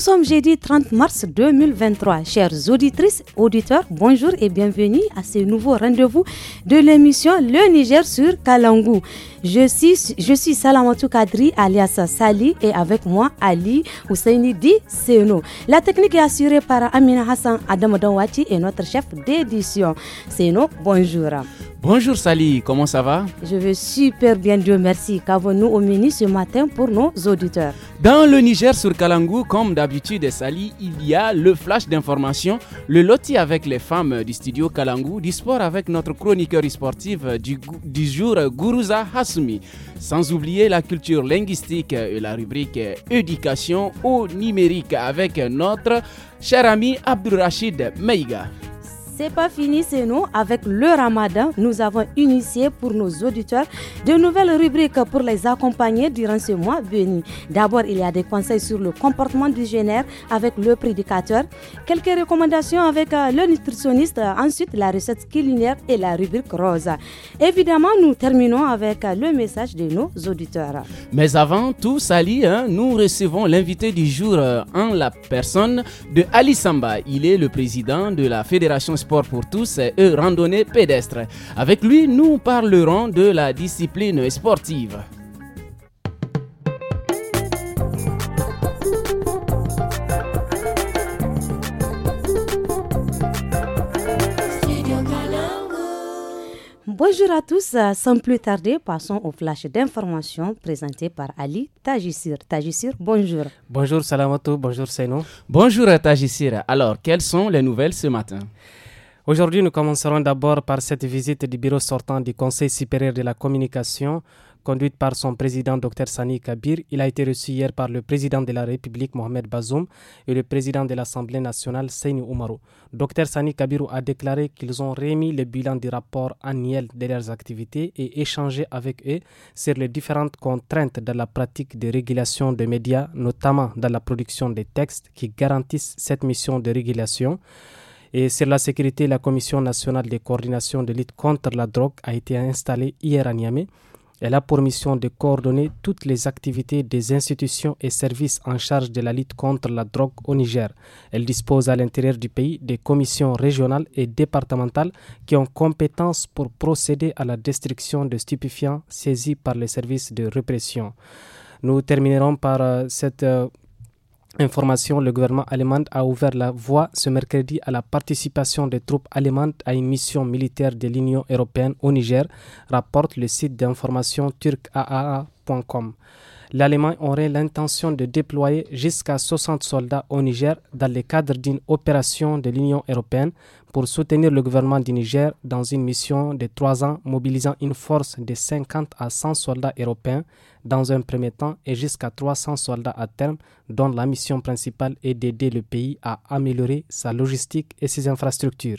Nous sommes jeudi 30 mars 2023. Chers auditrices, auditeurs, bonjour et bienvenue à ce nouveau rendez-vous de l'émission Le Niger sur Kalangou. Je suis, je suis Salamatou Kadri alias Sali et avec moi Ali Husseini Di Seno. La technique est assurée par Amina Hassan Donwati et notre chef d'édition. Seno, bonjour. Bonjour Sali, comment ça va Je vais super bien, Dieu merci. Qu'avons-nous au menu ce matin pour nos auditeurs Dans le Niger sur Kalangou, comme d'habitude Sali, il y a le flash d'information, le loti avec les femmes du studio Kalangou, du sport avec notre chroniqueur sportif du, jour, Guruza Hasumi. Sans oublier la culture linguistique et la rubrique éducation au numérique avec notre cher ami Abdurrachid Meiga. C'est pas fini, c'est nous. Avec le ramadan, nous avons initié pour nos auditeurs de nouvelles rubriques pour les accompagner durant ce mois béni. D'abord, il y a des conseils sur le comportement du génère avec le prédicateur, quelques recommandations avec euh, le nutritionniste, ensuite la recette culinaire et la rubrique rose. Évidemment, nous terminons avec euh, le message de nos auditeurs. Mais avant tout, Sali, hein, nous recevons l'invité du jour euh, en la personne de Ali Samba. Il est le président de la Fédération pour tous et randonnée pédestre. Avec lui, nous parlerons de la discipline sportive. Bonjour à tous, sans plus tarder, passons au flash d'information présenté par Ali Tajissir. Tagissir, bonjour. Bonjour Salamato, bonjour Seno. Bonjour Tajissir. Alors, quelles sont les nouvelles ce matin Aujourd'hui, nous commencerons d'abord par cette visite du bureau sortant du Conseil supérieur de la communication, conduite par son président Dr Sani Kabir. Il a été reçu hier par le président de la République Mohamed Bazoum et le président de l'Assemblée nationale Seyni Oumarou. Dr Sani Kabir a déclaré qu'ils ont remis le bilan du rapport annuel de leurs activités et échangé avec eux sur les différentes contraintes dans la pratique de régulation des médias, notamment dans la production des textes qui garantissent cette mission de régulation. Et sur la sécurité, la Commission nationale de coordination de lutte contre la drogue a été installée hier à Niamey. Elle a pour mission de coordonner toutes les activités des institutions et services en charge de la lutte contre la drogue au Niger. Elle dispose à l'intérieur du pays des commissions régionales et départementales qui ont compétence pour procéder à la destruction de stupéfiants saisis par les services de répression. Nous terminerons par euh, cette euh, information, le gouvernement allemand a ouvert la voie ce mercredi à la participation des troupes allemandes à une mission militaire de l'Union européenne au Niger, rapporte le site d'information aaa.com. L'Allemagne aurait l'intention de déployer jusqu'à 60 soldats au Niger dans le cadre d'une opération de l'Union européenne pour soutenir le gouvernement du Niger dans une mission de trois ans mobilisant une force de 50 à 100 soldats européens dans un premier temps et jusqu'à 300 soldats à terme dont la mission principale est d'aider le pays à améliorer sa logistique et ses infrastructures.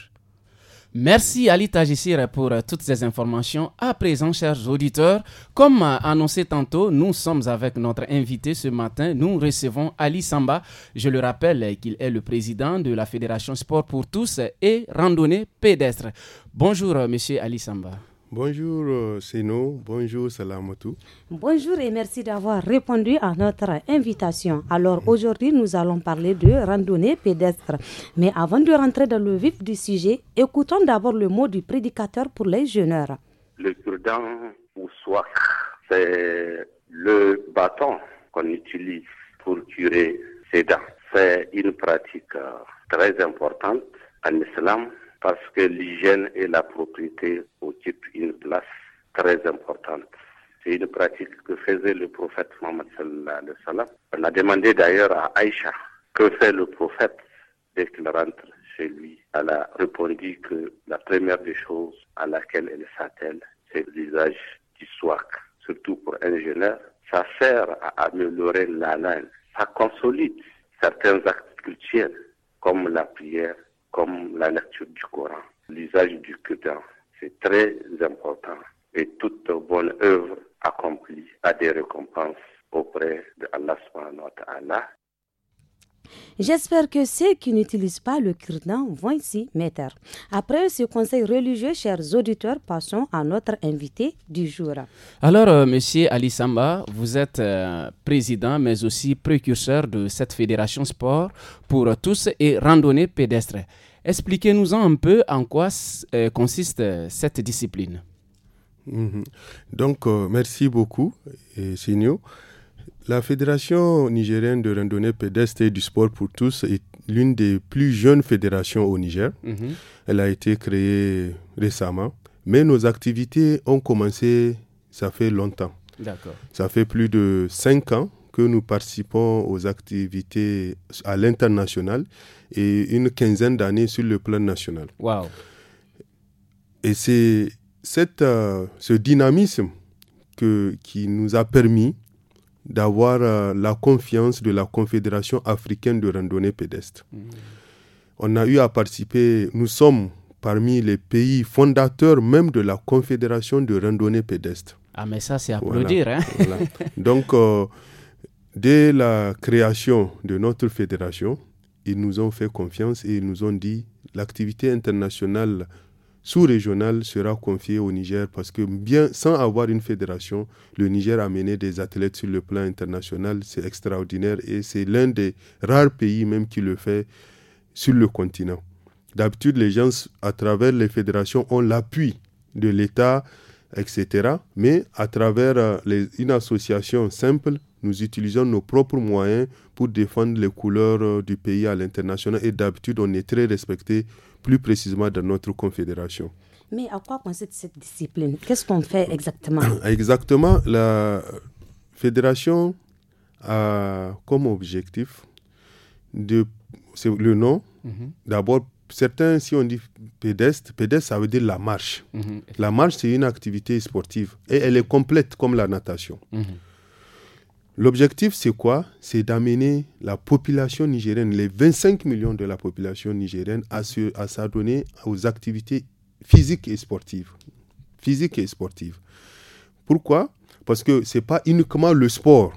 Merci Ali Tajissir pour euh, toutes ces informations. À présent, chers auditeurs, comme euh, annoncé tantôt, nous sommes avec notre invité ce matin. Nous recevons Ali Samba. Je le rappelle qu'il est le président de la Fédération Sport pour tous et randonnée pédestre. Bonjour, euh, monsieur Ali Samba. Bonjour euh, nous bonjour Salamatu. Bonjour et merci d'avoir répondu à notre invitation. Alors mm. aujourd'hui, nous allons parler de randonnée pédestre. Mais avant de rentrer dans le vif du sujet, écoutons d'abord le mot du prédicateur pour les jeunes. Le cure ou soit c'est le bâton qu'on utilise pour curer ses dents. C'est une pratique euh, très importante en islam parce que l'hygiène et la propriété occupent une place très importante. C'est une pratique que faisait le prophète Mohammed sallallahu alayhi On a demandé d'ailleurs à Aïcha que fait le prophète dès qu'il rentre chez lui. Elle a répondu que la première des choses à laquelle elle s'attelle, c'est l'usage du swak. Surtout pour un ça sert à améliorer la langue. Ça consolide certains actes culturels comme la prière, comme la lecture du Coran, l'usage du Qur'an, C'est très important. Et toute bonne œuvre accomplie a des récompenses auprès de Allah subhanahu J'espère que ceux qui n'utilisent pas le kirdan vont ici, mettre. Après ce conseil religieux, chers auditeurs, passons à notre invité du jour. Alors, M. Euh, monsieur Ali Samba, vous êtes euh, président, mais aussi précurseur de cette fédération sport pour tous et randonnée pédestre. Expliquez-nous un peu en quoi euh, consiste cette discipline. Mhm. Donc, merci beaucoup, Signor. La Fédération nigérienne de randonnée pédestre et du sport pour tous est l'une des plus jeunes fédérations au Niger. Mhm. Elle a été créée récemment, mais nos activités ont commencé, ça fait longtemps. Ça fait plus de cinq ans que nous participons aux activités à l'international et une quinzaine d'années sur le plan national. Wow. Et c'est euh, ce dynamisme que, qui nous a permis d'avoir euh, la confiance de la Confédération africaine de randonnée pédestre. Mm. On a eu à participer, nous sommes parmi les pays fondateurs même de la Confédération de randonnée pédestre. Ah mais ça c'est applaudir. hein? Donc euh, dès la création de notre fédération, ils nous ont fait confiance et ils nous ont dit l'activité internationale sous-régional sera confié au Niger parce que bien sans avoir une fédération, le Niger a mené des athlètes sur le plan international, c'est extraordinaire et c'est l'un des rares pays même qui le fait sur le continent. D'habitude, les gens à travers les fédérations ont l'appui de l'État, etc. Mais à travers euh, les, une association simple, nous utilisons nos propres moyens pour défendre les couleurs euh, du pays à l'international et d'habitude, on est très respecté plus précisément dans notre confédération. Mais à quoi consiste cette discipline Qu'est-ce qu'on fait exactement Exactement, la fédération a comme objectif de c'est le nom. Mhm. D'abord, certains, si on dit pédestre, pédestre, ça veut dire la marche. Mhm. La marche, c'est une activité sportive et elle est complète comme la natation. Mhm. L'objectif, c'est quoi C'est d'amener la population nigérienne, les 25 millions de la population nigérienne, à, à s'adonner aux activités physiques et sportives. Physiques et sportives. Pourquoi Parce que ce n'est pas uniquement le sport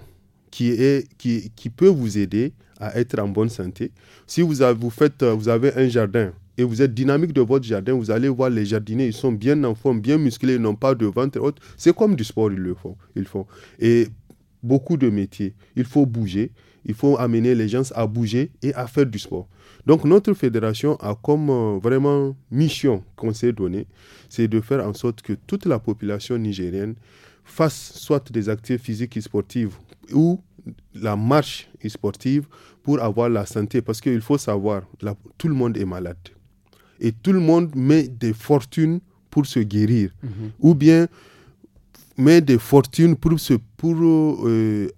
qui, est, qui, qui peut vous aider à être en bonne santé. Si vous avez, vous faites, vous avez un jardin et vous êtes dynamique de votre jardin, vous allez voir les jardiniers, ils sont bien en forme, bien musclés, ils n'ont pas de ventre haute. C'est comme du sport, ils le font. Ils font. Et beaucoup de métiers. Il faut bouger, il faut amener les gens à bouger et à faire du sport. Donc notre fédération a comme euh, vraiment mission qu'on s'est donnée, c'est de faire en sorte que toute la population nigérienne fasse soit des activités physiques et sportives ou la marche sportive pour avoir la santé. Parce qu'il faut savoir, tout le monde est malade. Et tout le monde met des fortunes pour se guérir. Mhm. Ou bien mais des fortunes pour, pour euh,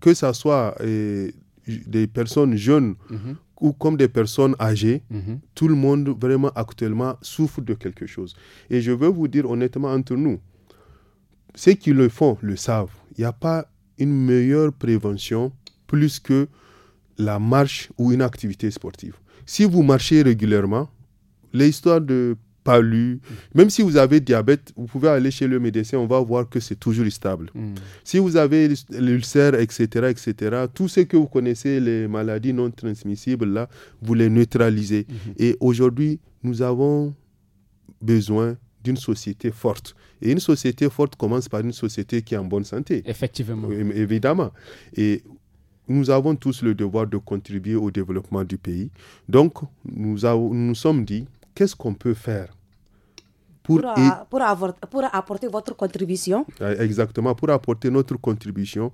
que ce soit euh, des personnes jeunes mhm. ou comme des personnes âgées, mhm. tout le monde vraiment actuellement souffre de quelque chose. Et je veux vous dire honnêtement entre nous, ceux qui le font le savent. Il n'y a pas une meilleure prévention plus que la marche ou une activité sportive. Si vous marchez régulièrement, l'histoire de même si vous avez diabète, vous pouvez aller chez le médecin, on va voir que c'est toujours stable. Hmm. Si vous avez l'ulcère, etc., etc., tout ce que vous connaissez, les maladies non transmissibles, là, vous les neutralisez. Mhm. Et aujourd'hui, nous avons besoin d'une société forte. Et une société forte commence par une société qui est en bonne santé. Effectivement. Évidemment. Et nous avons tous le devoir de contribuer au développement du pays. Donc, nous nous sommes dit, qu'est-ce qu'on peut faire pour, pour, avoir, pour apporter votre contribution. Exactement, pour apporter notre contribution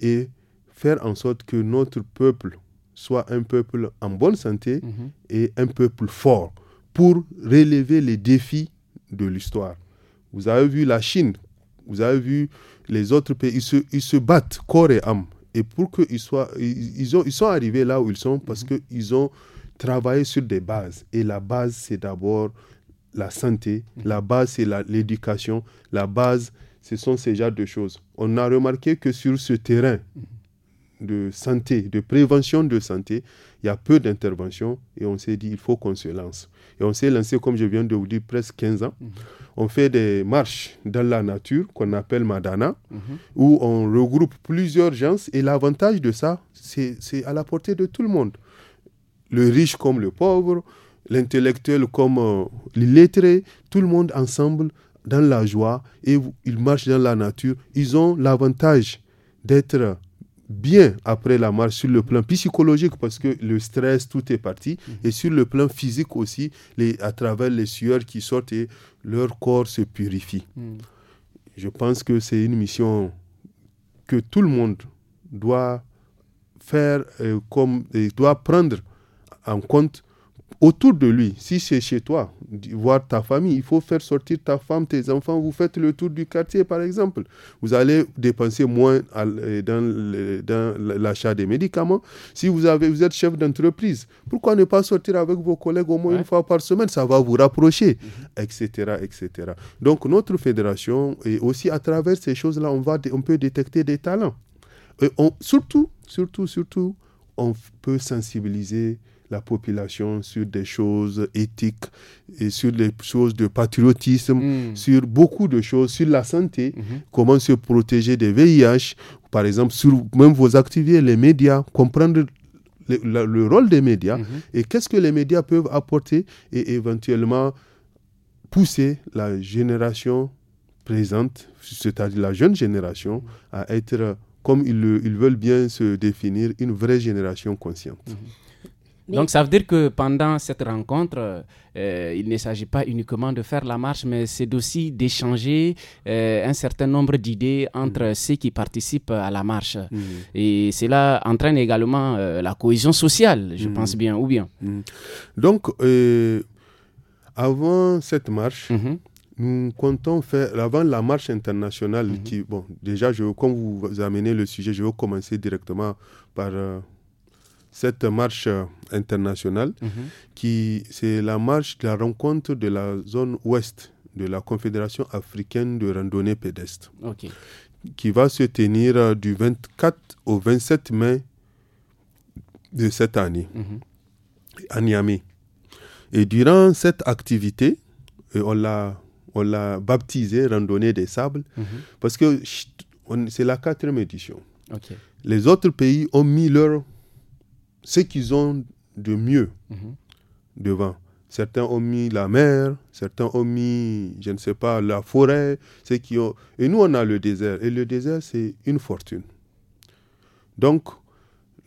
et faire en sorte que notre peuple soit un peuple en bonne santé mhm. et un peuple fort pour relever les défis de l'histoire. Vous avez vu la Chine, vous avez vu les autres pays, ils se, battent corps et âme. Et pour qu'ils soient, ils, ont, ils sont arrivés là où ils sont parce mhm. que ils qu'ils ont travaillé sur des bases. Et la base, c'est d'abord la santé, la base c'est l'éducation, la, base ce sont ces genres de choses. On a remarqué que sur ce terrain de santé, de prévention de santé, il y a peu d'interventions et on s'est dit il faut qu'on se lance. Et on s'est lancé, comme je viens de vous dire, presque 15 ans. On fait des marches dans la nature qu'on appelle Madana, où on regroupe plusieurs gens et l'avantage de ça, c'est à la portée de tout le monde. Le riche comme le pauvre, l'intellectuel comme euh, l'illettré, tout le monde ensemble dans la joie et ils marchent dans la nature. Ils ont l'avantage d'être bien après la marche sur le plan psychologique parce que le stress, tout est parti. Mm-hmm. Et sur le plan physique aussi, les, à travers les sueurs qui sortent et leur corps se purifie. Mm. Je pense que c'est une mission que tout le monde doit faire euh, comme, et doit prendre en compte autour de lui, si c'est chez toi, voir ta famille, il faut faire sortir ta femme, tes enfants, vous faites le tour du quartier par exemple. Vous allez dépenser moins euh, dans, l'achat des médicaments. Si vous, avez, vous êtes chef d'entreprise, pourquoi ne pas sortir avec vos collègues au moins une fois par semaine Ça va vous rapprocher, etc., mhm. etc. Donc notre fédération, et aussi à travers ces choses-là, on, va, on peut détecter des talents. surtout, surtout, surtout, on peut sensibiliser la population sur des choses éthiques et sur les choses de patriotisme, hmm. sur beaucoup de choses, sur la santé, mhm. comment se protéger des VIH, par exemple, sur même vous activités, les médias, comprendre le, rôle des médias mhm. et qu'est-ce que les médias peuvent apporter et éventuellement pousser la génération présente, c'est-à-dire la jeune génération, à être, comme ils veulent bien se définir, une vraie génération consciente. Mhm. Donc ça veut dire que pendant cette rencontre, euh, il ne s'agit pas uniquement de faire la marche, mais c'est aussi d'échanger euh, un certain nombre d'idées entre mm. ceux qui participent à la marche. Mm. Et cela entraîne également euh, la cohésion sociale, je mm. pense bien, ou bien. Donc, avant cette marche, mm-hmm. nous comptons faire, avant la marche internationale, mm-hmm. qui, bon, déjà, je, comme vous amenez le sujet, je vais commencer directement par cette marche euh, internationale, mhm. qui c'est la marche de la rencontre de la zone ouest de la Confédération africaine de randonnée pédestre, qui va se tenir euh, du 24 au 27 mai de cette année mhm. à Niamey. Et durant cette activité, on l'a on l'a baptisé randonnée des sables mhm. parce que c'est la quatrième édition. Les autres pays ont mis leur ce qu'ils ont de mieux mhm. devant. Certains ont mis la mer, certains ont mis, je ne sais pas, la forêt, qui ont... Et nous, on a le désert. Et le désert, c'est une fortune. Donc,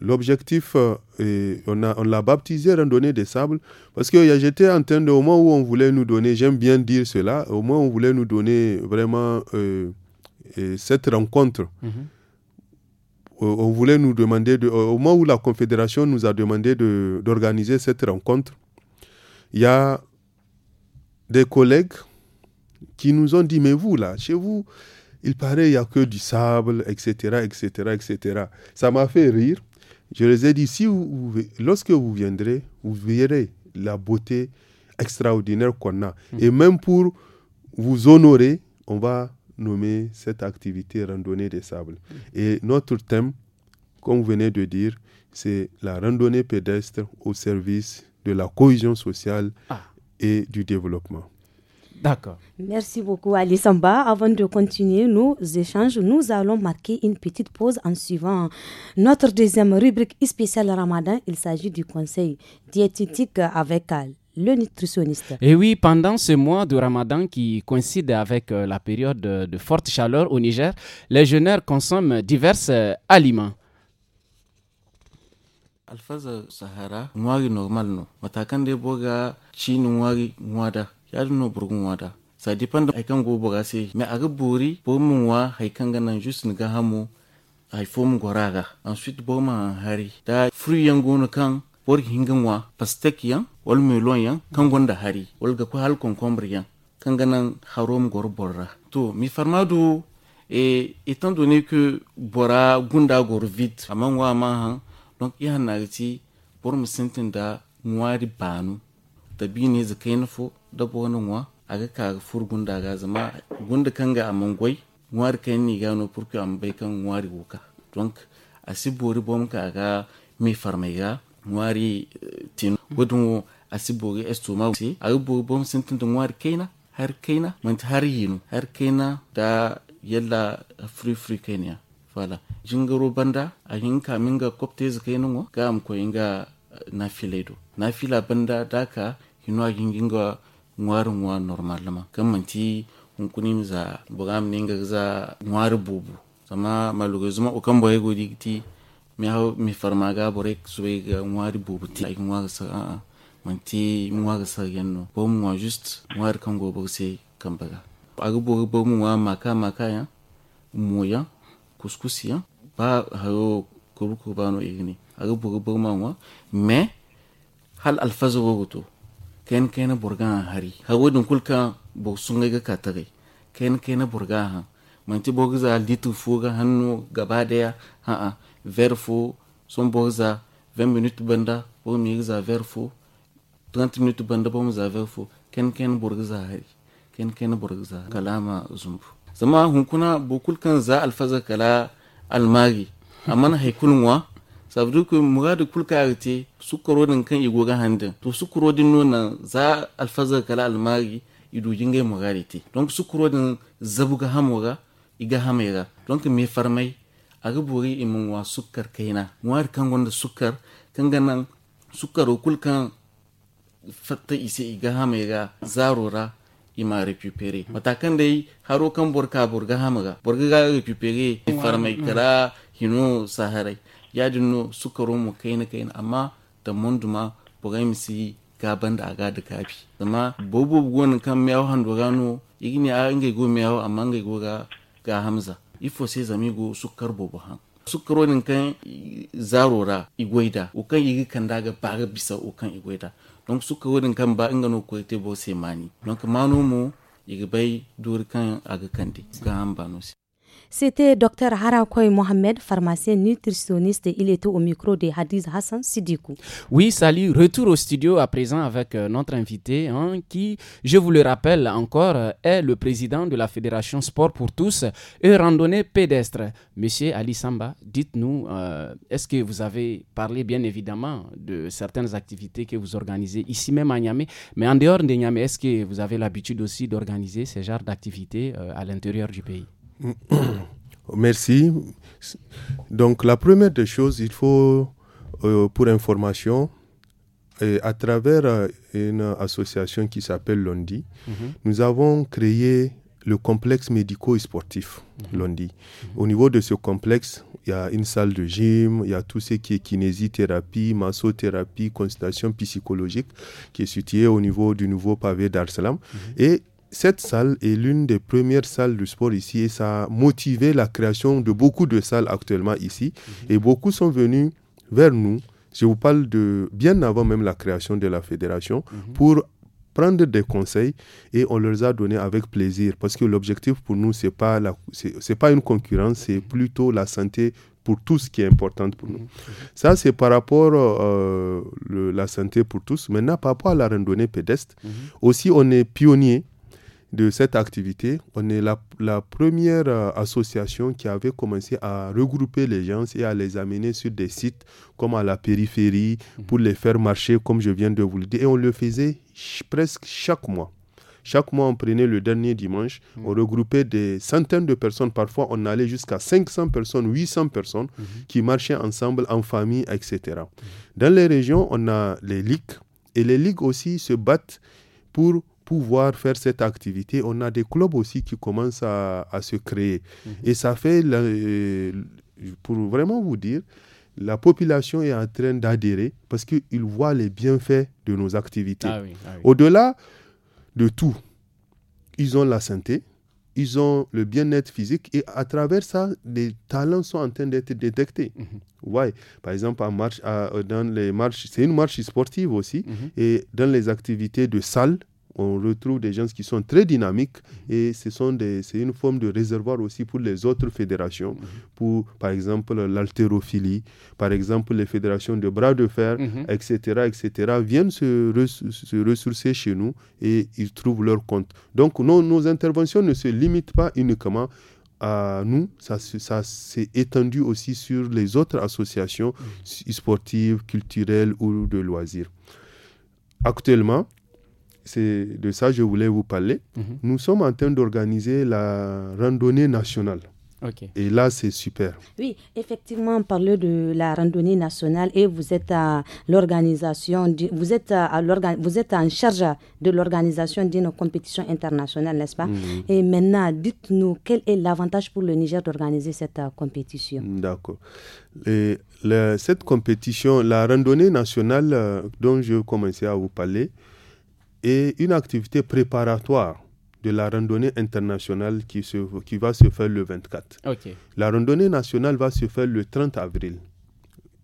l'objectif, euh, on, a, on l'a baptisé randonnée des sables, parce que j'étais en train de, au moment où on voulait nous donner, j'aime bien dire cela, au moment où on voulait nous donner vraiment euh, cette rencontre. Mhm. Euh, on voulait nous demander, de, euh, au moment où la Confédération nous a demandé d'organiser cette rencontre, il y a des collègues qui nous ont dit, mais vous, là, chez vous, il paraît il n'y a que du sable, etc., etc., etc. Ça m'a fait rire. Je les ai dit, si lorsque vous viendrez, vous verrez la beauté extraordinaire qu'on a. Mmh. Et même pour vous honorer, on va nommer cette activité randonnée des sables. Et notre thème, comme vous venez de dire, c'est la randonnée pédestre au service de la cohésion sociale ah. et du développement. D'accord. Merci beaucoup Ali Samba. Avant de continuer nos échanges, nous allons marquer une petite pause en suivant notre deuxième rubrique spéciale Ramadan. Il s'agit du conseil diététique avec Al le nutritionniste. Et oui, pendant ce mois de Ramadan qui coïncide avec euh, la période de forte chaleur au Niger, les jeûneurs consomment divers euh, aliments. Alphaz sahara nwari normal non. matakan de boga ci nwari nwada ya no burgun wada Ça dépend. da aikan go boga si Mais aga buri bo mun wa ganan juste ni ga goraga ensuite bo ma hari da fruit yango gono kan bor hingan wa pastek wal melon yan kan gonda hari wal ga ku hal concombre yan kan ganan harom gor borra to mi farmadu e etant donné que bora gunda gor vit aman wa man han donc ya nagati bor mu sintin da nwari banu da bi ne zakai na fo da bo wani nwa a ga ka fur gunda ga zama gunda kan ga aman gwai nwari kan ni gano que am bai kan nwari wuka donc a si bori bom ka ga mi farmega nwari e, tin gudun asibori estoma si ari bori bom sintin dun war kaina har kaina manti har yinu har kaina da yalla free free kenya fala jingaro banda a hinka minga kopte zaka yinu ga am ko inga na filedo na fila banda daka hinu a ginginga ngwaru ngwa normal lama kan manti hunkuni za bogam ninga za ngwaru bubu sama malugo zuma ukan boye godi ti mi hau mi farmaga borek suwe ga ngwaru bubu ti ai ngwa sa manti mwa ga sargen no bo mwa just mwa kan go bo se kan baga bo bo mwa maka maka ya moya kuskusi ya ba hayo kuruku ba igni aga bo bo mwa me hal alfazo go to ken ken burga hari hawo dun kulka bo sunga ga katare ken ken burga ha manti bo ga litu fuga hannu gaba daya ha a verfo son bo ga 20 minutes banda bo mi ga verfo 30 da bamu zafi fo ken ken burgza hari ken ken burgza kalama zumbu zama hunkuna bokul kan za alfaza kala almari amma na haikulun wa sabdu ku muradu kulka arte sukuro din kan igo ga handin to sukuro din nuna za alfaza kala almari idu jingai murarite don sukuro din ga hamura iga hamera donc me farmai a bori imin wa sukar kaina muwar kan gonda sukar kan ganan sukar kul kan fatta isa iga hama ga zarora ima récupéré matakan dai haro kan burga hama ga burga ga fara mai kara hinu saharai yadin no sukaro mu na kai amma da monduma bogai misi gaban da aga da kafi zama bobo gon kan miyawo hando gano igini a ngai go miyawo amma ngai go ga ga hamza ifo sai go sukar bobo han sukaronin kan zarora igwaida ukan yi kan daga baga bisa ukan igwaida don sukaronin kan ba ingano ko te bo se mani don manu mu yi bai dur kan aga kandi ga C'était Dr Harakoy Mohamed, pharmacien nutritionniste. il était au micro de Hadiz Hassan Sidikou. Oui, salut. Retour au studio à présent avec euh, notre invité hein, qui, je vous le rappelle encore, euh, est le président de la Fédération Sport pour tous et randonnée pédestre. Monsieur Ali Samba, dites-nous, euh, est-ce que vous avez parlé bien évidemment de certaines activités que vous organisez ici même à Niamey, mais en dehors de Niamey, est-ce que vous avez l'habitude aussi d'organiser ces genres d'activités à l'intérieur du pays Merci. Donc la première des choses, il faut, euh, pour information, euh, à travers euh, une association qui s'appelle Londi, mhm. nous avons créé le complexe médico sportif mhm. Londi. Mhm. Au niveau de ce complexe, il y a une salle de gym, il y a tout ce qui est kinésithérapie, massothérapie, consultation psychologique, qui est située au niveau du nouveau pavé d'Arsalam. Et cette salle est l'une des premières salles du sport ici et ça a motivé la création de beaucoup de salles actuellement ici. Mhm. Et beaucoup sont venus vers nous, je vous parle de bien avant même la création de la fédération, mhm. pour prendre des conseils et on leur a donné avec plaisir parce que l'objectif pour nous, ce n'est pas, pas une concurrence, c'est plutôt la santé pour tous qui est importante pour nous. Mhm. Ça, c'est par rapport à euh, la santé pour tous. Maintenant, par rapport à la randonnée pédestre, aussi, on est pionnier de cette activité, on est la, première euh, association qui avait commencé à regrouper les gens et à les amener sur des sites comme à la périphérie mhm. pour les faire marcher comme je viens de vous le dire. Et on le faisait presque chaque mois. Chaque mois, on prenait le dernier dimanche, mhm. on regroupait des centaines de personnes. Parfois, on allait jusqu'à 500 personnes, 800 personnes mhm. qui marchaient ensemble en famille, etc. Dans les régions, on a les ligues. Et les ligues aussi se battent pour pouvoir faire cette activité, on a des clubs aussi qui commencent à, se créer. Mhm. Et ça fait, euh, pour vraiment vous dire, la population est en train d'adhérer parce qu'ils voient les bienfaits de nos activités. Ah ah Au-delà de tout, ils ont la santé, ils ont le bien-être physique et à travers ça, des talents sont en train d'être détectés. Mhm. ouais. Par exemple, en marche, euh, dans les marches, c'est une marche sportive aussi, mhm. et dans les activités de salle, on retrouve des gens qui sont très dynamiques mhm. et c'est une forme de réservoir aussi pour les autres fédérations, mhm. pour par exemple l'haltérophilie, par exemple les fédérations de bras de fer, etc., mhm. etc., viennent se, ressourcer chez nous et ils trouvent leur compte. Donc nos, nos interventions ne se limitent pas uniquement à nous, ça, ça s'est étendu aussi sur les autres associations sportives, culturelles ou de loisirs. Actuellement, c'est de ça que je voulais vous parler. Mhm. Nous sommes en train d'organiser la randonnée nationale. Et là, c'est super. Oui, effectivement, on parlait de la randonnée nationale et vous êtes à l'organisation, vous êtes vous êtes en charge de l'organisation d'une compétition internationale, n'est-ce pas mhm. Et maintenant, dites-nous quel est l'avantage pour le Niger d'organiser cette euh, compétition mm, D'accord. Cette compétition, la randonnée nationale euh, dont je commençais à vous parler, et une activité préparatoire de la randonnée internationale qui, se, qui va se faire le 24. La randonnée nationale va se faire le 30 avril,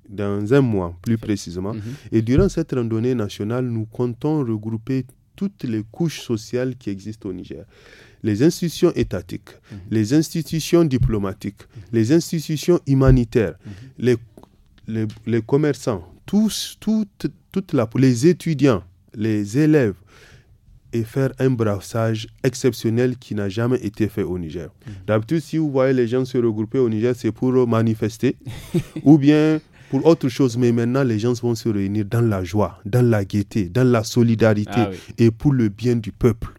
dans un mois plus précisément. Mhm. Et durant cette randonnée nationale, nous comptons regrouper toutes les couches sociales qui existent au Niger. Les institutions étatiques, mhm. les institutions diplomatiques, mhm. les institutions humanitaires, les, les, les, commerçants, tous, toutes, toute la, les étudiants, les élèves et faire un brassage exceptionnel qui n'a jamais été fait au Niger. Mhm. D'habitude, si vous voyez les gens se regrouper au Niger, c'est pour manifester ou bien pour autre chose. Mais maintenant, les gens vont se réunir dans la joie, dans la gaieté, dans la solidarité ah et pour le bien du peuple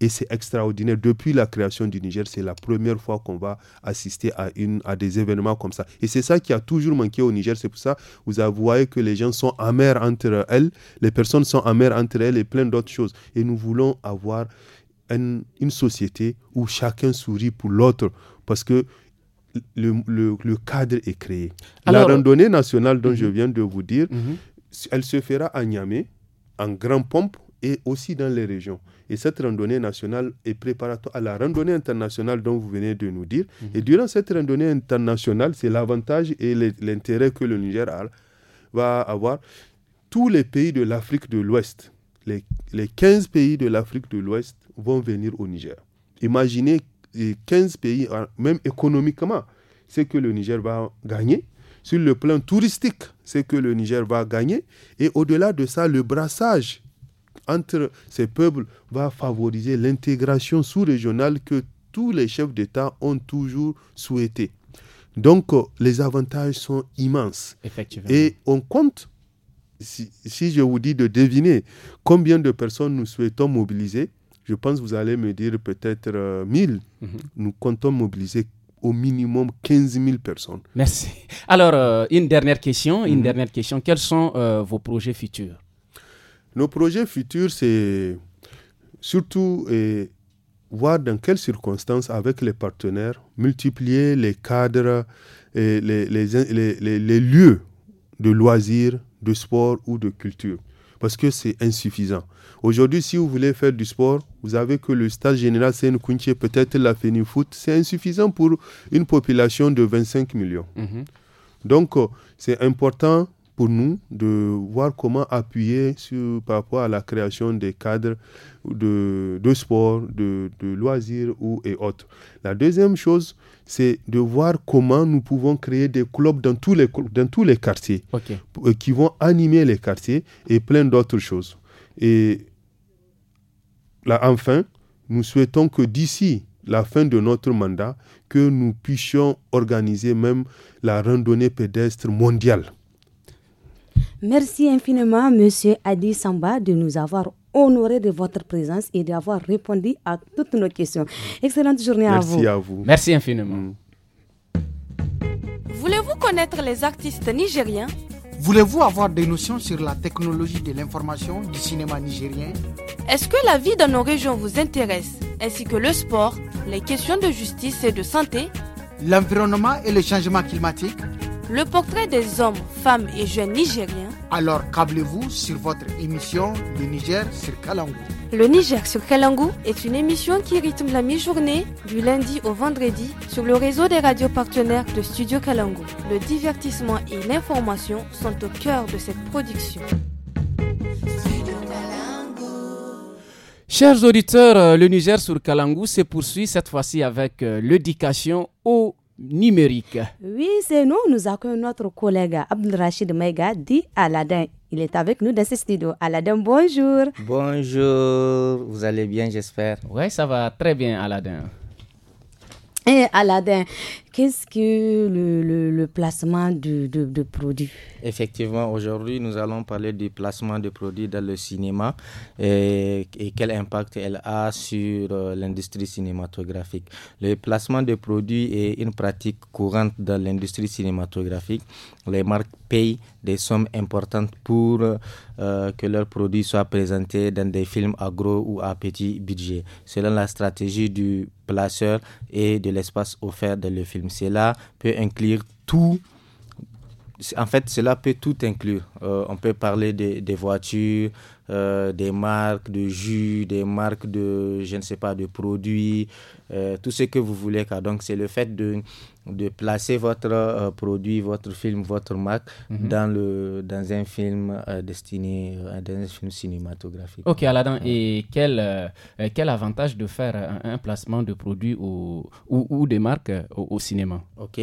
et c'est extraordinaire. Depuis la création du Niger, c'est la première fois qu'on va assister à, une, à des événements comme ça. Et c'est ça qui a toujours manqué au Niger. C'est pour ça que vous voyez que les gens sont amers entre elles, les personnes sont amères entre elles et plein d'autres choses. Et nous voulons avoir une, une société où chacun sourit pour l'autre parce que le, le, cadre est créé. la randonnée nationale dont mhm. je viens de vous dire, mhm. elle se fera à Niamey, en grand pompe et aussi dans les régions. Et cette randonnée nationale est préparatoire à la randonnée internationale dont vous venez de nous dire. Mhm. Et durant cette randonnée internationale, c'est l'avantage et l'intérêt que le Niger va avoir. Tous les pays de l'Afrique de l'Ouest, les, les 15 pays de l'Afrique de l'Ouest vont venir au Niger. Imaginez les 15 pays, ah, même économiquement, c'est que le Niger va gagner. Sur le plan touristique, c'est que le Niger va gagner. Et au-delà de ça, le brassage entre ces peuples va favoriser l'intégration sous-régionale que tous les chefs d'État ont toujours souhaité. Donc, euh, les avantages sont immenses. Effectivement. Et on compte, si, je vous dis de deviner combien de personnes nous souhaitons mobiliser, je pense que vous allez me dire peut-être 1000. Euh, mhm. Nous comptons mobiliser au minimum 15 000 personnes. Merci. Alors, euh, une dernière question, une mhm. dernière question. Quels sont vos projets futurs nos projets futurs, c'est surtout voir dans quelles circonstances, avec les partenaires, multiplier les cadres, et les, les, lieux de loisirs, de sport ou de culture. Parce que c'est insuffisant. Aujourd'hui, si vous voulez faire du sport, vous avez que le stade général seine kunche peut-être la Foot, c'est insuffisant pour une population de 25 millions. Mhm. Donc, euh, c'est important pour nous de voir comment appuyer sur, par rapport à la création des cadres de, sport, de, loisirs ou, et autres. La deuxième chose, c'est de voir comment nous pouvons créer des clubs dans tous les, dans tous les quartiers euh, qui vont animer les quartiers et plein d'autres choses. Et là, enfin, nous souhaitons que d'ici la fin de notre mandat, que nous puissions organiser même la randonnée pédestre mondiale. Merci infiniment, Monsieur Adi Samba, de nous avoir honoré de votre présence et d'avoir répondu à toutes nos questions. Excellente journée à vous. Merci à vous. Merci infiniment. Mm. Voulez-vous connaître les artistes nigériens Voulez-vous avoir des notions sur la technologie de l'information du cinéma nigérien Est-ce que la vie dans nos régions vous intéresse, ainsi que le sport, les questions de justice et de santé L'environnement et le changement climatique le portrait des hommes, femmes et jeunes nigériens. Alors câblez-vous sur votre émission Le Niger sur Kalangou. Le Niger sur Kalangou est une émission qui rythme la mi-journée du lundi au vendredi sur le réseau des radios partenaires de Studio Kalangou. Le divertissement et l'information sont au cœur de cette production. Chers auditeurs, euh, le Niger sur Kalangou se poursuit cette fois-ci avec euh, l'éducation au numérique. Oui, c'est nous. Nous accueillons notre collègue Abdelrachid Maïga, dit Aladdin. Il est avec nous dans ce studio. Aladin, bonjour. Bonjour. Vous allez bien, j'espère. Oui, ça va très bien, Aladdin. Et eh, Aladin, qu'est-ce que le, placement de, produits Effectivement, aujourd'hui, nous allons parler du placement de produits dans le cinéma et, quel impact elle a sur euh, l'industrie cinématographique. Le placement de produits est une pratique courante dans l'industrie cinématographique. Les marques payent des sommes importantes pour euh, que leurs produits soient présentés dans des films à gros ou à petit budget, selon la stratégie du placeur et de l'espace offert dans le film. Cela peut inclure tout. En fait, cela peut tout inclure. Euh, on peut parler des voitures, euh, des marques de jus, des marques de, je ne sais pas, de produits, euh, tout ce que vous voulez. Car donc, c'est le fait de, de placer votre euh, produit, votre film, votre marque mhm. dans, le, dans un film destiné, dans un film cinématographique. Ok, Aladdin, et quel, quel avantage de faire un, placement de produits ou, ou, ou marques au, cinéma Ok.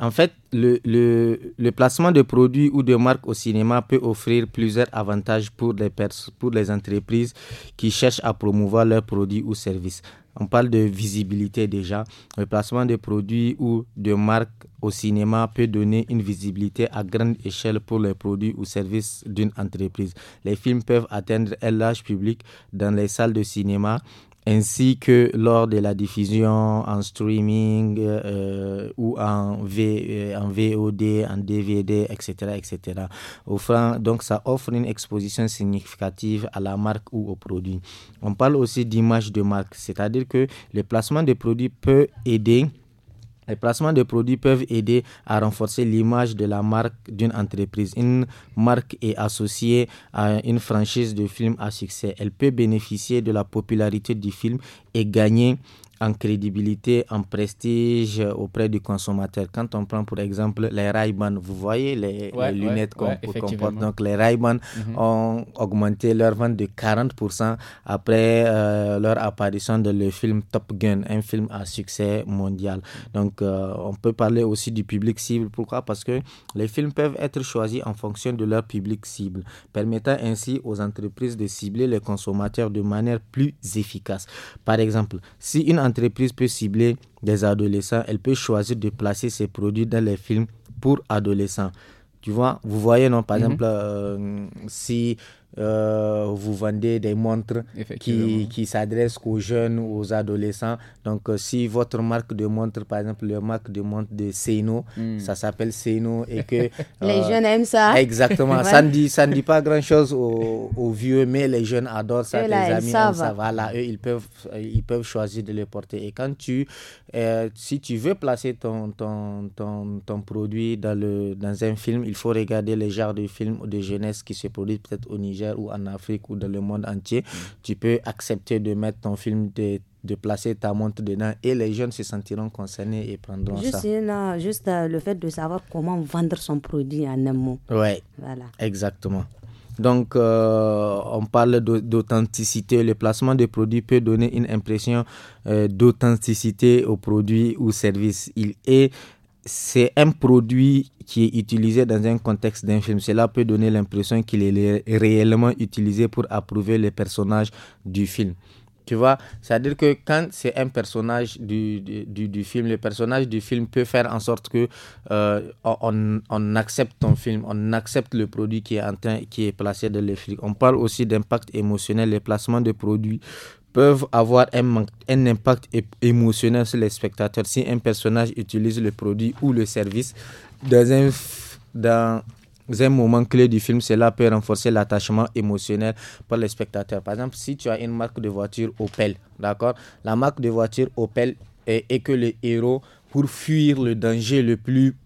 en fait, le, le, le placement de produits ou de marques au cinéma peut offrir plusieurs avantages pour les, pour les entreprises qui cherchent à promouvoir leurs produits ou services. On parle de visibilité déjà. Le placement de produits ou de marques au cinéma peut donner une visibilité à grande échelle pour les produits ou services d'une entreprise. Les films peuvent atteindre un large public dans les salles de cinéma, ainsi que lors de la diffusion en streaming euh, euh, ou en, VOD, euh, en DVD, etc., etc. Offrant, donc ça offre une exposition significative à la marque ou au produit. On parle aussi d'image de marque, c'est-à-dire que le placement des produits peut aider les placements de produits peuvent aider à renforcer l'image de la marque d'une entreprise. Une marque est associée à une franchise de films à succès. Elle peut bénéficier de la popularité du film et gagner en crédibilité, en prestige auprès du consommateur. Quand on prend pour exemple les Ray-Ban, vous voyez les, lunettes qu'on porte. Donc les Ray-Ban mhm. ont augmenté leur vente de 40% après euh, leur apparition dans le film Top Gun, un film à succès mondial. Donc euh, on peut parler aussi du public cible. Pourquoi Parce que les films peuvent être choisis en fonction de leur public cible, permettant ainsi aux entreprises de cibler les consommateurs de manière plus efficace. Par exemple, si une entreprise peut cibler des adolescents, elle peut choisir de placer ses produits dans les films pour adolescents. Tu vois, vous voyez, non, par mhm. exemple, euh, si euh, vous vendez des montres qui, qui s'adressent aux jeunes, aux adolescents. Donc, euh, si votre marque de montre, par exemple, le marque de montre de Seino, hmm. ça s'appelle Seino et que... Euh, les jeunes aiment ça. Exactement. Ça, ne dit, ça dit pas grand-chose aux, vieux, mais les jeunes adorent ça. les amis ça. eux, ils peuvent, ils peuvent choisir de les porter. Et quand tu... si tu veux placer ton, ton, ton, produit dans, le, dans un film, il faut regarder les genres de films de jeunesse qui se produisent peut-être au Niger ou en Afrique ou dans le monde entier, tu peux accepter de mettre ton film de de placer ta montre dedans et les jeunes se sentiront concernés et prendront juste, ça. Euh, juste euh, le fait de savoir comment vendre son produit en un mot. Oui, voilà. exactement. Donc, euh, on parle d'authenticité. Le placement de produits peut donner une impression d'authenticité au produit ou service. Il est c'est un produit qui est utilisé dans un contexte d'un film. Cela peut donner l'impression qu'il est réellement utilisé pour approuver les personnages du film. Tu vois, c'est-à-dire que quand c'est un personnage du, film, le personnage du film peut faire en sorte que euh, on, accepte ton film, on accepte le produit qui est, en qui est placé dans le film. On parle aussi d'impact émotionnel, les placements de produits peuvent avoir un, un impact émotionnel sur les spectateurs si un personnage utilise le produit ou le service dans un, dans un moment clé du film, cela peut renforcer l'attachement émotionnel pour les spectateurs. Par exemple, si tu as une marque de voiture Opel, d'accord La marque de voiture Opel est, est que le héros, pour fuir le danger le plus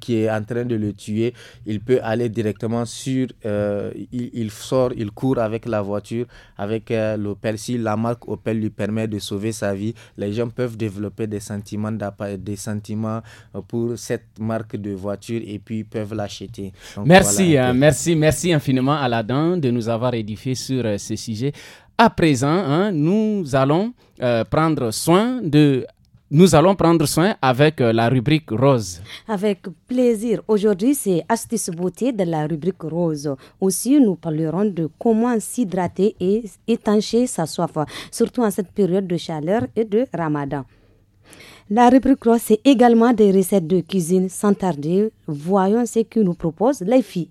qui est en train de le tuer, il peut aller directement sur, euh, il, sort, il court avec la voiture, avec le euh, l'Opel. Si la marque Opel lui permet de sauver sa vie, les gens peuvent développer des sentiments, des sentiments euh, pour cette marque de voiture et puis peuvent l'acheter. Merci, hein, merci, merci infiniment à l'Adam de nous avoir édifié sur ce sujet. À présent, hein, nous allons prendre soin de nous allons prendre soin avec euh, la rubrique rose. Avec plaisir. Aujourd'hui, c'est astuce beauté de la rubrique rose. Aussi, nous parlerons de comment s'hydrater et étancher sa soif, surtout en cette période de chaleur et de ramadan. La rubrique rose, c'est également des recettes de cuisine. Sans tarder, voyons ce que nous propose les filles.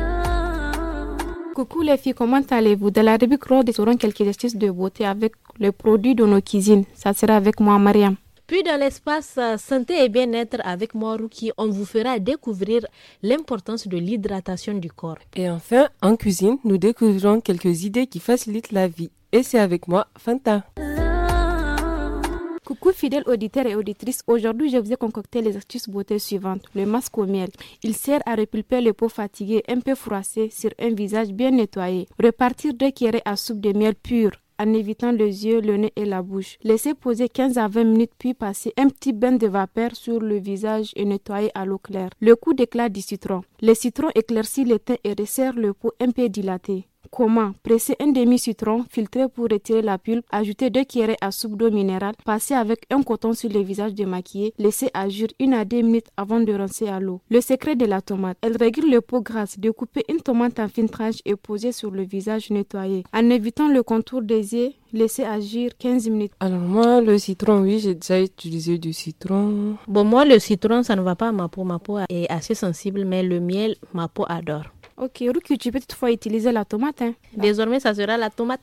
Coucou les filles, comment allez-vous Dans la rubrique Rose, nous quelques astuces de beauté avec les produits de nos cuisines. Ça sera avec moi, Mariam. Puis dans l'espace euh, santé et bien-être avec moi, Ruki, on vous fera découvrir l'importance de l'hydratation du corps. Et enfin, en cuisine, nous découvrirons quelques idées qui facilitent la vie. Et c'est avec moi, Fanta. Coucou fidèles auditeurs et auditrices, aujourd'hui je vous ai concocté les astuces beauté suivantes. Le masque au miel, il sert à repulper le peaux fatiguées un peu froissées sur un visage bien nettoyé. Repartir deux à soupe de miel pur en évitant les yeux, le nez et la bouche. Laissez poser 15 à 20 minutes puis passer un petit bain de vapeur sur le visage et nettoyer à l'eau claire. Le coup d'éclat du citron. Le citron éclaircit le teint et resserre le peau un peu dilatée. Comment Presser un demi-citron, filtrer pour retirer la pulpe, ajouter deux cuillerées à soupe d'eau minérale, passer avec un coton sur le visage démaquillé, laisser agir une à deux minutes avant de rincer à l'eau. Le secret de la tomate. Elle régule le pot grasse, découper une tomate en fines tranches et poser sur le visage nettoyé. En évitant le contour des yeux, laisser agir 15 minutes. Alors moi, le citron, oui, j'ai déjà utilisé du citron. Bon, moi, le citron, ça ne va pas à ma peau. Ma peau est assez sensible, mais le miel, ma peau adore. Ok, Ruki, tu peux toutefois utiliser la tomate. Hein. Désormais, ça sera la tomate.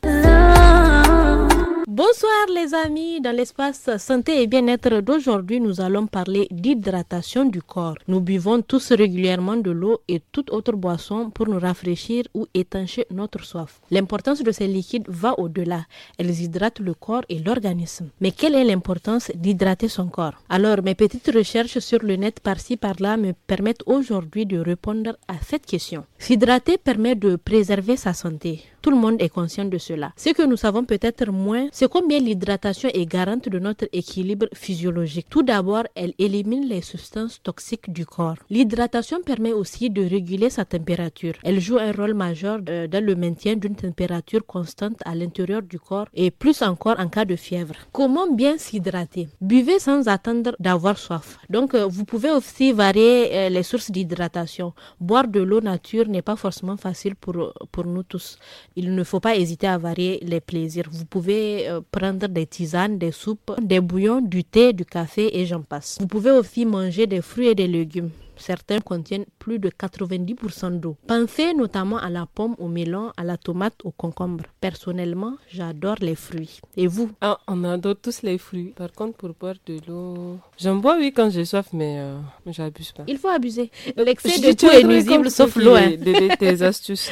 Bonsoir les amis, dans l'espace santé et bien-être d'aujourd'hui, nous allons parler d'hydratation du corps. Nous buvons tous régulièrement de l'eau et toute autre boisson pour nous rafraîchir ou étancher notre soif. L'importance de ces liquides va au-delà. Elles hydratent le corps et l'organisme. Mais quelle est l'importance d'hydrater son corps Alors, mes petites recherches sur le net par-ci par-là me permettent aujourd'hui de répondre à cette question. S'hydrater permet de préserver sa santé tout le monde est conscient de cela. Ce que nous savons peut-être moins, c'est combien l'hydratation est garante de notre équilibre physiologique. Tout d'abord, elle élimine les substances toxiques du corps. L'hydratation permet aussi de réguler sa température. Elle joue un rôle majeur euh, dans le maintien d'une température constante à l'intérieur du corps et plus encore en cas de fièvre. Comment bien s'hydrater Buvez sans attendre d'avoir soif. Donc, euh, vous pouvez aussi varier euh, les sources d'hydratation. Boire de l'eau nature n'est pas forcément facile pour, pour nous tous il ne faut pas hésiter à varier les plaisirs. Vous pouvez euh, prendre des tisanes, des soupes, des bouillons, du thé, du café et j'en passe. Vous pouvez aussi manger des fruits et des légumes. Certains contiennent plus de 90% d'eau. Pensez notamment à la pomme, au melon, à la tomate, au concombre. Personnellement, j'adore les fruits. Et vous ah, On adore tous les fruits. Par contre, pour boire de l'eau, j'en bois oui quand j'ai soif, mais euh, j'abuse pas. Il faut abuser. Euh, L'excès de tout est nuisible sauf l'eau. Hein. des astuces.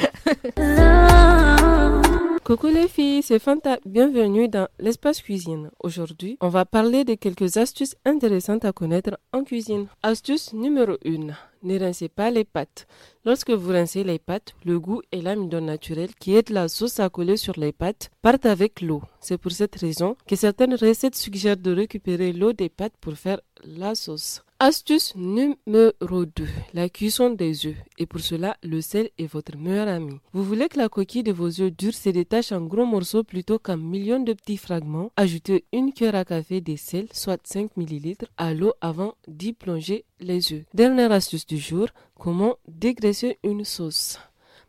Coucou les filles, c'est Fanta, bienvenue dans l'espace cuisine. Aujourd'hui, on va parler de quelques astuces intéressantes à connaître en cuisine. Astuce numéro 1. Ne rincez pas les pâtes. Lorsque vous rincez les pâtes, le goût et l'amidon naturel qui aide la sauce à coller sur les pâtes partent avec l'eau. C'est pour cette raison que certaines recettes suggèrent de récupérer l'eau des pâtes pour faire la sauce. Astuce numéro 2, la cuisson des œufs. Et pour cela, le sel est votre meilleur ami. Vous voulez que la coquille de vos œufs durs se détache en gros morceaux plutôt qu'en millions de petits fragments. Ajoutez une cuillère à café de sel, soit 5 ml, à l'eau avant d'y plonger les œufs. Dernière astuce du jour, comment dégraisser une sauce.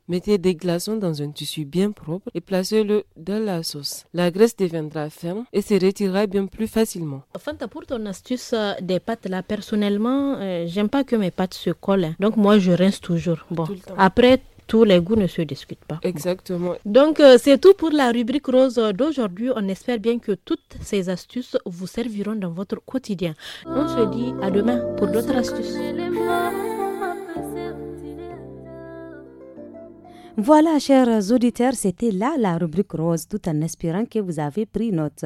Mettez des glaçons dans un tissu bien propre et placez-le dans la sauce. La graisse deviendra ferme et se retirera bien plus facilement. Fanta, pour ton astuce euh, des pâtes, là, personnellement, euh, j'aime pas que mes pâtes se collent. Hein. Donc, moi, je rince toujours. Bon, après, tous les goûts ne se discutent pas. Exactement. Donc, euh, c'est tout pour la rubrique rose d'aujourd'hui. On espère bien que toutes ces astuces vous serviront dans votre quotidien. On se dit à demain pour d'autres astuces. Voilà, chers auditeurs, c'était là la rubrique rose, tout en espérant que vous avez pris note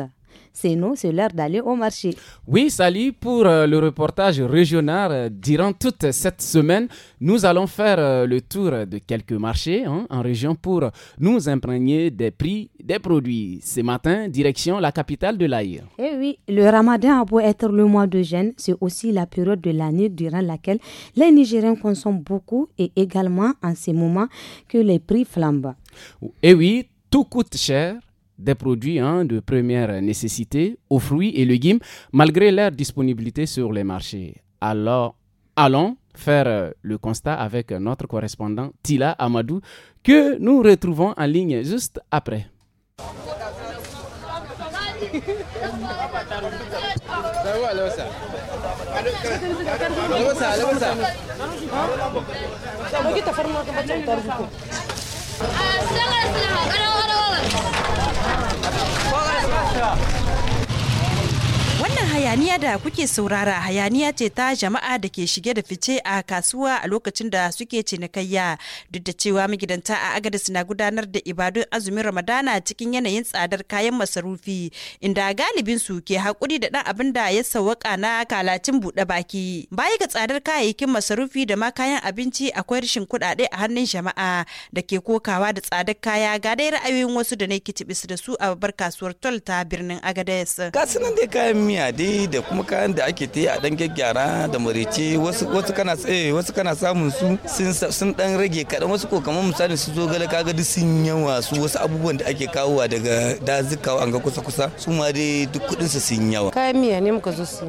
c'est nous, c'est l'heure d'aller au marché. Oui, salut pour euh, le reportage régional. Euh, durant toute cette semaine, nous allons faire euh, le tour de quelques marchés hein, en région pour nous imprégner des prix des produits. Ce matin, direction la capitale de l'Aïr. Eh oui, le ramadan a beau être le mois de jeûne, c'est aussi la période de l'année durant laquelle les Nigériens consomment beaucoup et également en ces moments que les prix flambent. Eh oui, tout coûte cher des produits hein, de première nécessité aux fruits et légumes, malgré leur disponibilité sur les marchés. Alors, allons faire euh, le constat avec notre correspondant Tila Amadou, que nous retrouvons en ligne juste après. した Wannan hayaniya da kuke saurara hayaniya ce ta jama'a da ke shige da fice a kasuwa a lokacin da suke cinikayya duk da cewa magidanta a agadis na gudanar da ibadun azumin ramadana cikin yanayin tsadar kayan masarufi inda galibin su ke hakuri da ɗan abin da ya sauwaka na kalacin buɗe baki. Baya ga tsadar kayayyakin masarufi da ma kayan abinci akwai rashin kuɗaɗe a hannun jama'a da ke kokawa da tsadar kaya ga dai ra'ayoyin wasu da na kicibis da su a babbar kasuwar tol ta birnin agadez. dai kayan miya hanya dai da kuma kayan da ake ta a dan gyaggyara da murice wasu kana eh, wasu kana samun su sun dan rage kaɗan wasu ko kamar misali su zo gala kaga duk sun yawa su wasu abubuwan da ake kawowa daga dazuka an ga kusa kusa su ma dai duk kudin su sun yawa kayan miya ne muka zo su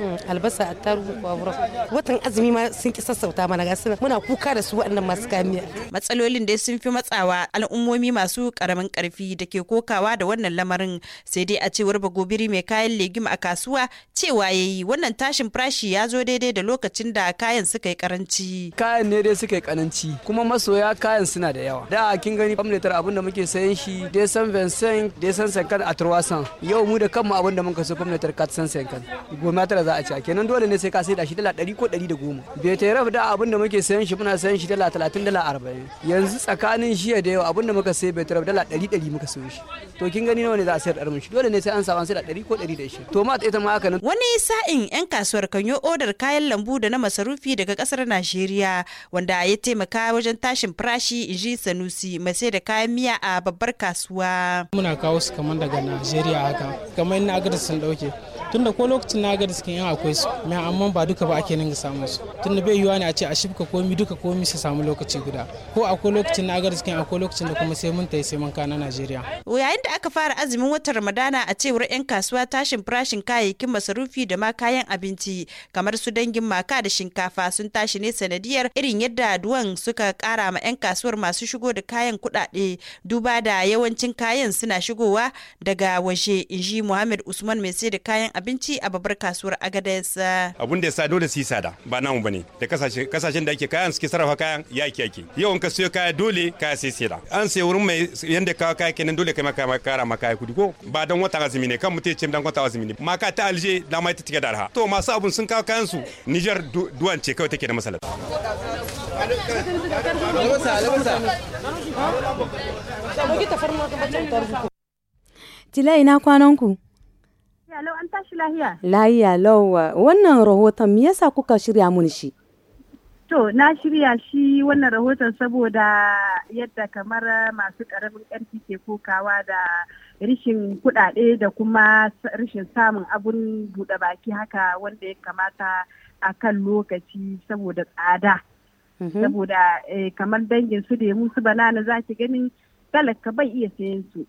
Hmm, albasa attarugu kwabura watan azumi ma sun ki sassauta mana ga suna muna kuka da su waɗannan masu kamiya matsalolin dai sun fi matsawa al'ummomi masu karamin karfi da ke kokawa da wannan lamarin sai dai a cewar bagobiri mai kayan legim a kasuwa cewa yayi wannan tashin farashi ya zo daidai da lokacin da kayan suka yi karanci kayan ne dai suka yi karanci kuma masoya kayan suna da yawa da kin gani famletar abin da muke sayan shi dai san vincent dai san sankan a turwasan yau mu da kanmu abin da muka so famletar kat san sankan goma tara za a ci kenan dole ne sai ka sai da shi dala 100 ko 110 beteraf da abin da muke sayan shi muna sayan shi dala 30 dala 40 yanzu tsakanin jiya da yau abin da muka sai beteraf dala 100 100 muka sayo shi to kin gani nawa ne za a sayar da armin shi dole ne sai an samu an sai da 100 ko 120 to ma ita ma haka nan wani sa'in yan kasuwar kan yi odar kayan lambu da na masarufi daga kasar Najeriya wanda ya taimaka wajen tashin farashi inji Sanusi mai sai da kayan miya a babbar kasuwa muna kawo su kamar daga Najeriya haka kamar ina ga sun dauke tunda ko lokacin na ga diskin yan akwai su mai amma ba duka ba ake ninga samun su tunda bai yiwuwa ne a ce a shifka komi duka komi su samu lokaci guda ko akwai lokacin na ga diskin akwai lokacin da kuma sai mun tayi sai mun kana Najeriya yayin da aka fara azumin watan Ramadana a cewar yan kasuwa tashin farashin kayayyakin masarufi da ma kayan abinci kamar su dangin maka da shinkafa sun tashi ne sanadiyar irin yadda duwan suka kara ma yan kasuwar masu shigo da kayan kuɗaɗe duba da yawancin kayan suna shigowa daga waje inji Muhammad Usman mai sai da kayan abinci a babbar kasuwar agadez abun da yasa dole su yi sada ba namu bane da kasashen da ake kayan suke sarrafa kayan yaki yaki yau in ka siyo kaya dole kaya sai sai an sai wurin mai yanda kawo kaya kenan dole kai maka kara maka kaya kudi ko ba dan wata azumi ne kan mutum ce dan wata azumi ne maka ta alje da mai ta tike da arha to masu abun sun kawo kayan su Niger duwan ce kawai take da masalan Tilai na kwananku? lahiya. Lahiya wannan rahoton me yasa kuka shirya mun shi? To na shirya shi wannan rahoton saboda yadda kamar masu ƙaramin ƙarfi ke kokawa da rishin kuɗaɗe da kuma rishin samun abun buɗe baki haka wanda ya kamata a kan lokaci saboda tsada. Mhm. Saboda eh, kamar dangin su da ya su banana za ki ganin talaka bai iya sayen su.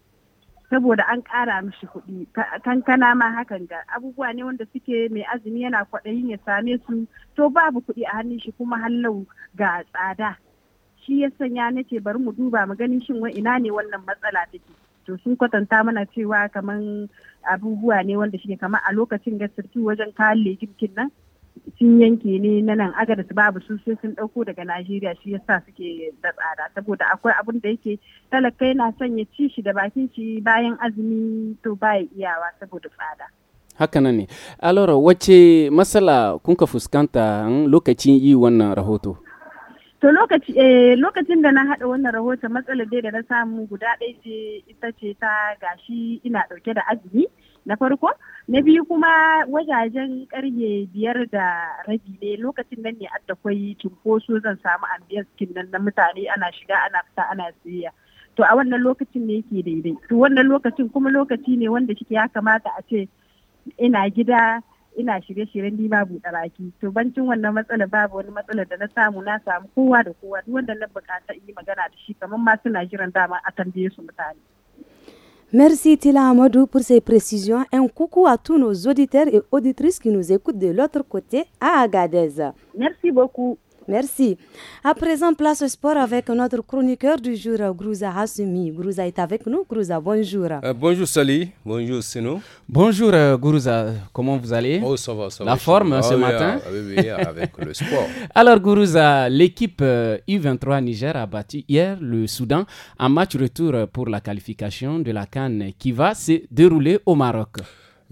saboda an kara mishi kuɗi kankana ma hakan ga abubuwa ne wanda suke mai azumi yana kwaɗayin ya same su to babu kuɗi a hannun shi kuma hallau ga tsada shi ya sanya na ce bari mu duba mu ganin shin ina ne wannan matsala take to sun kwatanta mana cewa kaman abubuwa ne wanda shi kamar a lokacin gasar wajen kawo legimkin nan cikin yanki ne na nan agadis babu su sai sun ɗauko daga najeriya shi yasa suke da tsada saboda akwai abun da yake talaka yana son ya ci shi da bakin shi bayan azumi to baya iyawa saboda tsada haka nan ne alora wace matsala kuka fuskanta hmm, lokacin yi wannan rahoto To eh, lokacin da na haɗa wannan rahoton matsalar dai da na samu guda ɗaya ce ita ce ta gashi ina ɗauke da azumi. na farko na biyu kuma wajajen karye biyar da rabi ne lokacin nan ne adda kwai cunkoso zan samu ambiyar skin nan na mutane ana shiga ana fita ana tsaye. to a wannan lokacin ne yake daidai to wannan lokacin kuma lokaci ne wanda shi ya kamata a ce ina gida ina shirye-shiryen nima buɗe raki. to bancin wannan matsalar babu wani matsalar da na samu na samu kowa da kowa duk wanda na bukata in yi magana da shi kamar ma suna jiran dama a tambaye su mutane Merci Tila Amadou pour ces précisions. Un coucou à tous nos auditeurs et auditrices qui nous écoutent de l'autre côté à Agadez. Merci beaucoup. Merci. À présent, place au sport avec notre chroniqueur du jour, Grouza Hassumi. Grouza est avec nous. Grouza, bonjour. Euh, bonjour Sali, bonjour Sino. Bonjour euh, comment vous allez oh, ça La forme ce ah matin ah, avec le sport. Alors Grouza, l'équipe U23 euh, Niger a battu hier le Soudan en match retour pour la qualification de la Cannes qui va se dérouler au Maroc.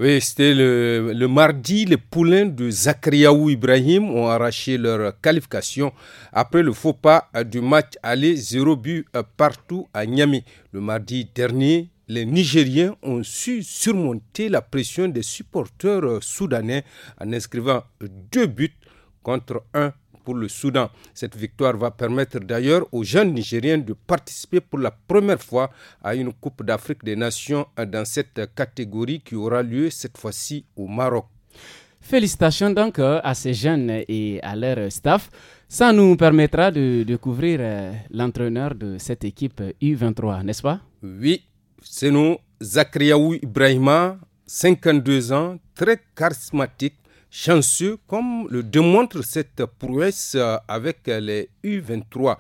Oui, c'était le, mardi, les poulains de Zakriaou Ibrahim ont arraché leur qualification après le faux pas du match aller zéro but euh, partout à Niamey. Le mardi dernier, les Nigériens ont su surmonter la pression des supporters euh, soudanais en inscrivant deux buts contre un pour le Soudan. Cette victoire va permettre d'ailleurs aux jeunes Nigériens de participer pour la première fois à une Coupe d'Afrique des Nations dans cette catégorie qui aura lieu cette fois-ci au Maroc. Félicitations donc euh, à ces jeunes et à leur staff. Ça nous permettra de découvrir euh, l'entraîneur de cette équipe U23, n'est-ce pas Oui, c'est nous, Zakriaou Ibrahima, 52 ans, très charismatique, chanceux, comme le démontre cette prouesse euh, avec les U23.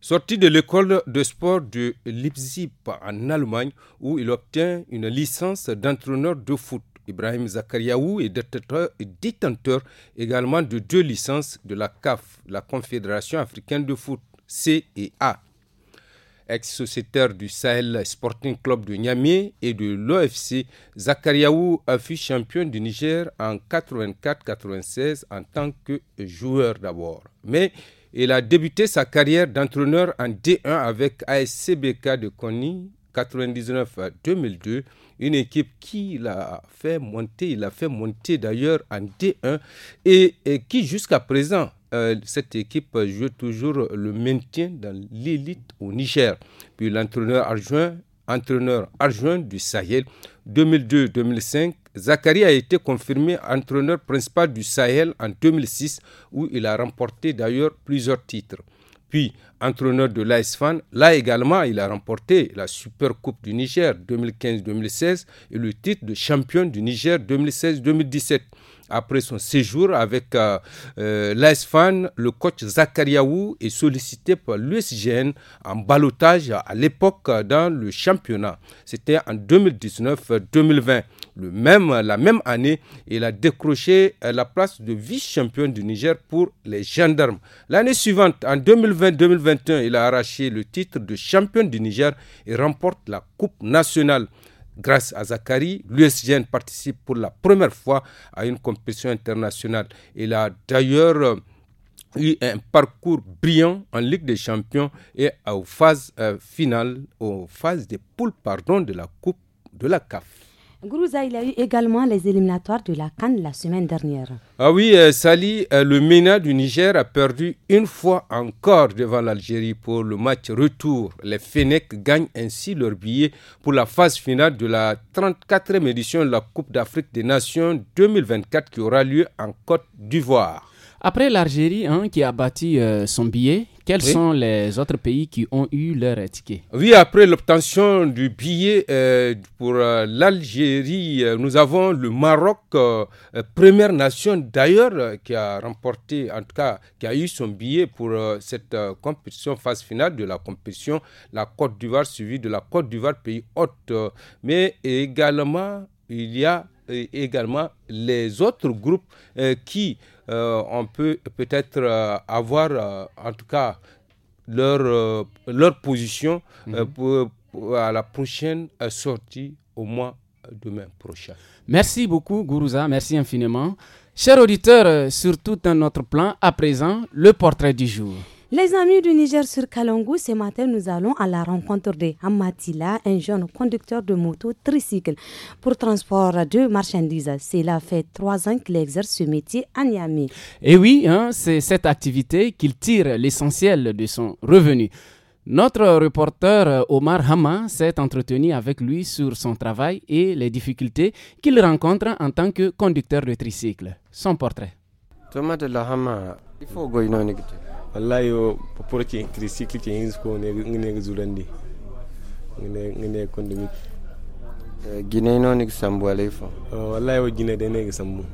Sorti de l'école de sport de Leipzig en Allemagne, où il obtient une licence d'entraîneur de foot. Ibrahim Zakariaou est détenteur également de deux licences de la CAF, la Confédération africaine de foot, C et ex-sociétaire du Sahel Sporting Club de Niamey et de l'OFC, Zakariaou a fut champion du Niger en 84-96 en tant que joueur d'abord. Mais il a débuté sa carrière d'entraîneur en D1 avec ASCBK de Kony 99 2002, une équipe qui l'a fait monter, il a fait monter d'ailleurs en D1 et qui jusqu'à présent euh, cette équipe joue toujours le maintien dans l'élite au Niger. Puis l'entraîneur adjoint, entraîneur adjoint du Sahel 2002-2005, Zachary a été confirmé entraîneur principal du Sahel en 2006 où il a remporté d'ailleurs plusieurs titres. Puis entraîneur de Fan, là également il a remporté la Super Coupe du Niger 2015-2016 et le titre de champion du Niger 2016-2017. Après son séjour avec euh, euh l'ASFAN, le coach Zakariaou est sollicité par l'USGN en balotage à l'époque dans le championnat. C'était en 2019-2020. Le même, la même année, il a décroché euh, la place de vice-champion du Niger pour les gendarmes. L'année suivante, en 2020-2021, il a arraché le titre de champion du Niger et remporte la Coupe nationale. Grâce à Zachary, l'USGN participe pour la première fois à une compétition internationale. Il a d'ailleurs euh, eu un parcours brillant en Ligue des Champions et aux phases euh, finales, aux phases des poules pardon, de la Coupe de la CAF. Grouza, il a eu également les éliminatoires de la Cannes la semaine dernière. Ah oui, euh, Sali, euh, le MENA du Niger a perdu une fois encore devant l'Algérie pour le match retour. Les Fenech gagnent ainsi leur billet pour la phase finale de la 34e édition de la Coupe d'Afrique des Nations 2024 qui aura lieu en Côte d'Ivoire. Après l'Algérie hein, qui a bâti euh, son billet, quels sont les autres pays qui ont eu leur ticket Oui, après l'obtention du billet euh, pour euh, l'Algérie, nous avons le Maroc, première nation d'ailleurs, qui a remporté, en tout cas, qui a eu son billet pour cette compétition, phase finale de la compétition. La Côte d'Ivoire suivie de la Côte d'Ivoire, pays hôte. mais également, il y a également les autres groupes euh, qui euh, on peut peut-être euh, avoir, en tout cas, leur, leur position mhm. pour, à la prochaine sortie au mois demain prochain. Merci beaucoup, Gourouza. Merci infiniment. Chers auditeurs, tout un autre plan, à présent, le portrait du jour. Les amis du Niger sur Kalongo, ce matin, nous allons à la rencontre de Amatila, un jeune conducteur de moto tricycle pour transport de marchandises. Cela fait trois ans qu'il exerce ce métier à Niamey. Et eh oui, hein, c'est cette activité qu'il tire l'essentiel de son revenu. Notre reporter euh, Omar Hama s'est entretenu avec lui sur son travail et les difficultés qu'il rencontre en tant que conducteur de tricycle. Son portrait. Thomas de la Hama, il faut wallayi e, o proti cri cyclique hinsko ngineg zulandi ngine condemit guinei noon ig sambu alay fo wallayi o guine denege sambu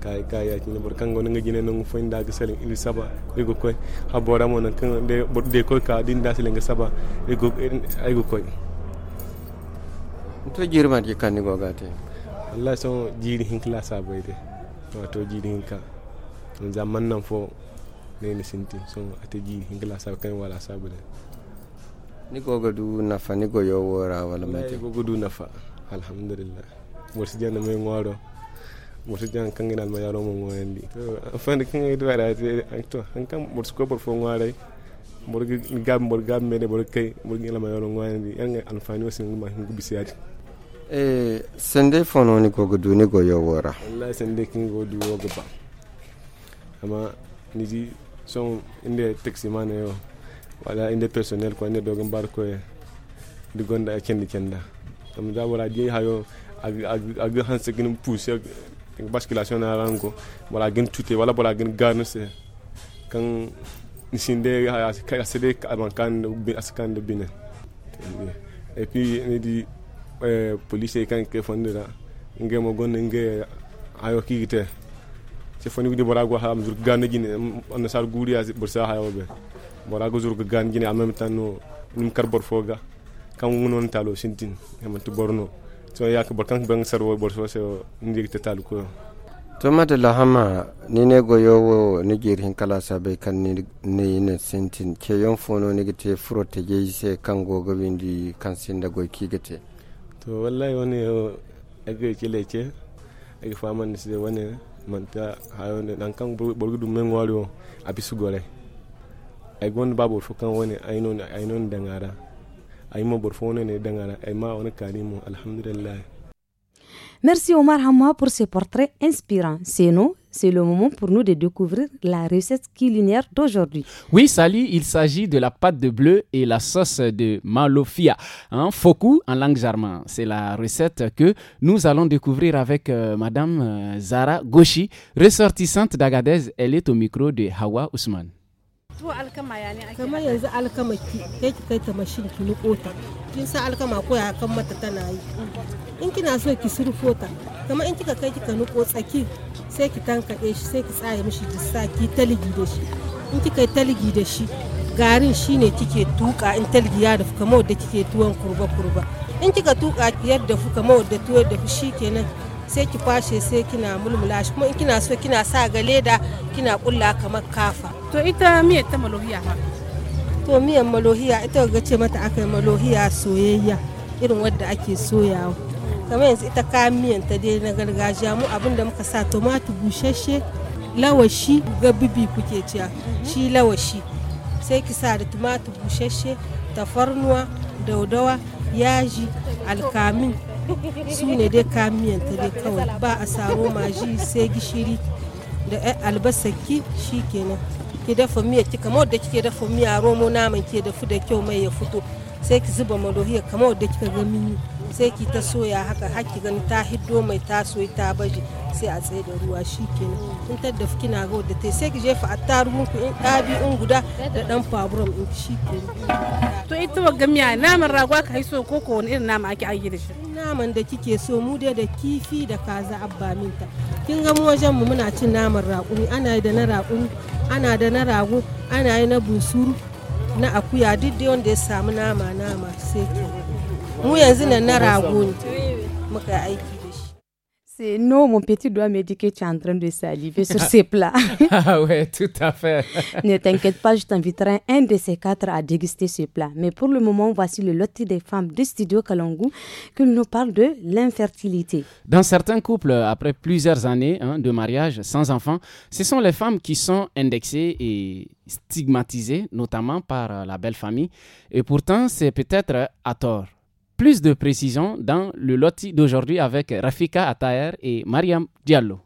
kay ka yacine boto kanngo nanga guine nogo foyndage sele ili saba ego koy ha boramo noon kan nde boto de koy ka dinda selenge saba ego aygo koy to jirmatke kandigoga te wallayi so jiiri hinkala sabayde wato jiiri hinka jamman nan fo nene so ate ategi hingala sa kan wala sabule ni goga du nafa ni go yo wora wala mate goga du nafa alhamdulillah morsi jana me mo si jana kangina ma yaro mo ngoyandi afande kangay do ak to kam mo ko bor fo mo gi gam mo gam ne bor kay gi la mayaro ngoyandi yanga alfani wasi nguma ngu bisiyadi eh sende fono ni goga du ni go yo wora wallahi sende kin go du wogo ba ama niji son inde taxi man yo wala inde personnel ko inde dogon bar ko di gonda e kendi kenda am da wala di hayo ag ag ag hanse gin pousse kan basculation na rango wala gin tute wala wala gin garnese kan sinde ka sede man kan askan de bine et puis ne di eh, police kan ke fondera ngemo gonne nge ayo kigite foni gudi borago ha zur ganne gine on sar guri az bursa ha yobe borago zur ganne gine amem tanno nim kar bor foga kan wonon talo sintin yamma to borno to yak bor kan bang sarwo bor so so ndik te talu ko to madalla hama ni ne goyo wo ni girin kala sabe kan ni ne ne sintin ke yon fono ni gite furo te je se kan gogo windi kan sinda goy kigete to wallahi woni o ege kelece ege faman ni se woni manta ne dan kan borgu dum men wari o abisu gore ay gon babo fo kan woni ay non ay non dangara ay mo bor fo ne dangara ay ma on kanimo alhamdulillah Merci Omar Hamma pour ce portrait inspirant. C'est nous, c'est le moment pour nous de découvrir la recette culinaire d'aujourd'hui. Oui, salut, il s'agit de la pâte de bleu et la sauce de malofia, en hein, foku en langue germane, C'est la recette que nous allons découvrir avec Mme euh, Madame euh, Zara Goshi, ressortissante d'Agadez. Elle est au micro de Hawa Ousmane. tuwo alkama ya kamar yanzu alkama ki kai ki kai ta mashin ki niko kin sa alkama ko ya kan mata tana yi in kina so ki surfo ta kamar in kika kai kika niko tsaki sai ki tankade shi sai ki tsaye mishi jissa ki taligi da shi in kika yi taligi da shi garin shine kike tuka in talgi ya dafu kamar wadda kike tuwon kurba kurba in kika tuka yadda fu kamar tuwon da fu shikenan sai ki kwashe sai kina mulmula shi kuma in kina so kina sa ga leda kina kulla kamar kafa to ita miya ta malohiya ha to miyan malohiya ita ga ce mata aka yi malohiya soyayya irin wadda ake soyawa kamar yanzu ita kayan miyan ta dai na gargajiya mu abin da muka sa tomatu bushashe lawashi ga bibi kuke ciya shi lawashi sai ki sa da tumatu bushashe tafarnuwa daudawa yaji alkamin su ne dai ta dai kawai ba a samu maji sai gishiri da albasaki shi kenan ki dafa miya ki kamar da kike dafa miya romo naman ke dafu da kyau mai ya fito sai ki zuba madohiya kamar da kika ga mini sai ki ta soya haka haki gani ta hiddo mai ta soya ta baje sai a tsaye da ruwa shi kenan in ta da kina ga wadda ta sai ki jefa attarugun muku in ɗabi in guda da ɗan faburam in shi kenan. to ita wa gamiya naman ragwa ka so ko ko wani irin nama ake aiki da shi. naman da kike so mu dai da kifi da kaza abba minta kin ga mu wajen mu muna cin naman raƙumi ana da na raƙumi ana da na rago ana yi na busuru na akuya duk da wanda ya samu nama nama sai kenan. C'est non, mon petit doigt me dit que tu es en train de saliver sur ces plats. ah ouais, tout à fait. ne t'inquiète pas, je t'inviterai un de ces quatre à déguster ce plat. Mais pour le moment, voici le loti des femmes de Studio Kalangu qui nous parle de l'infertilité. Dans certains couples, après plusieurs années hein, de mariage sans enfants, ce sont les femmes qui sont indexées et stigmatisées, notamment par la belle famille. Et pourtant, c'est peut-être à tort. Plus de précisions dans le loti d'aujourd'hui avec Rafika Ataer et Mariam Diallo.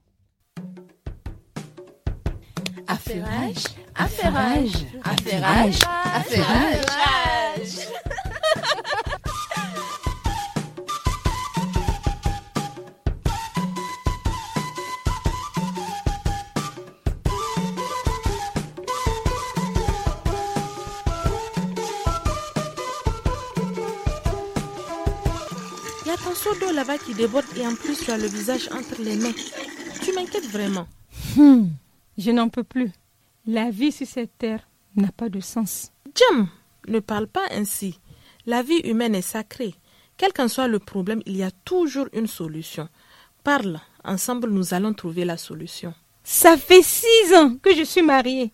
Saut d'eau là-bas qui déborde et en plus tu as le visage entre les mains. Tu m'inquiètes vraiment. Hmm, je n'en peux plus. La vie sur cette terre n'a pas de sens. Jam, ne parle pas ainsi. La vie humaine est sacrée. Quel qu'en soit le problème, il y a toujours une solution. Parle, ensemble nous allons trouver la solution. Ça fait six ans que je suis mariée.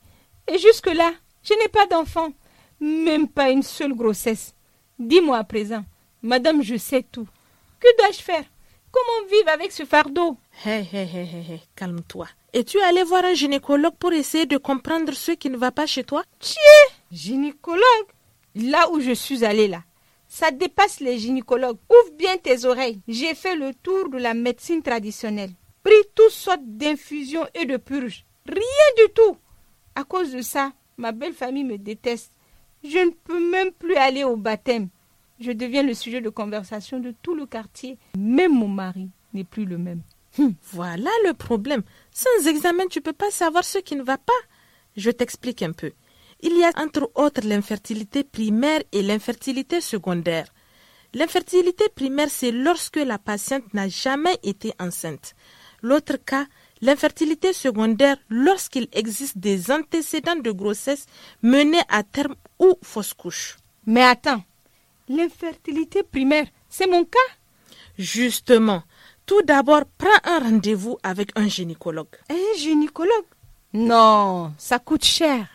Et jusque-là, je n'ai pas d'enfant. Même pas une seule grossesse. Dis-moi à présent, madame, je sais tout. Que dois-je faire Comment vivre avec ce fardeau Hé, hé, hé, hé, calme-toi. es tu allé voir un gynécologue pour essayer de comprendre ce qui ne va pas chez toi Tiens Gynécologue Là où je suis allée, là. Ça dépasse les gynécologues. Ouvre bien tes oreilles. J'ai fait le tour de la médecine traditionnelle. Pris toutes sortes d'infusions et de purges. Rien du tout. À cause de ça, ma belle famille me déteste. Je ne peux même plus aller au baptême. Je deviens le sujet de conversation de tout le quartier. Même mon mari n'est plus le même. Hmm, voilà le problème. Sans examen, tu peux pas savoir ce qui ne va pas. Je t'explique un peu. Il y a entre autres l'infertilité primaire et l'infertilité secondaire. L'infertilité primaire, c'est lorsque la patiente n'a jamais été enceinte. L'autre cas, l'infertilité secondaire, lorsqu'il existe des antécédents de grossesse menés à terme ou fausse couche. Mais attends, L'infertilité primaire, c'est mon cas Justement, tout d'abord, prends un rendez-vous avec un gynécologue. Un gynécologue Non, ça coûte cher.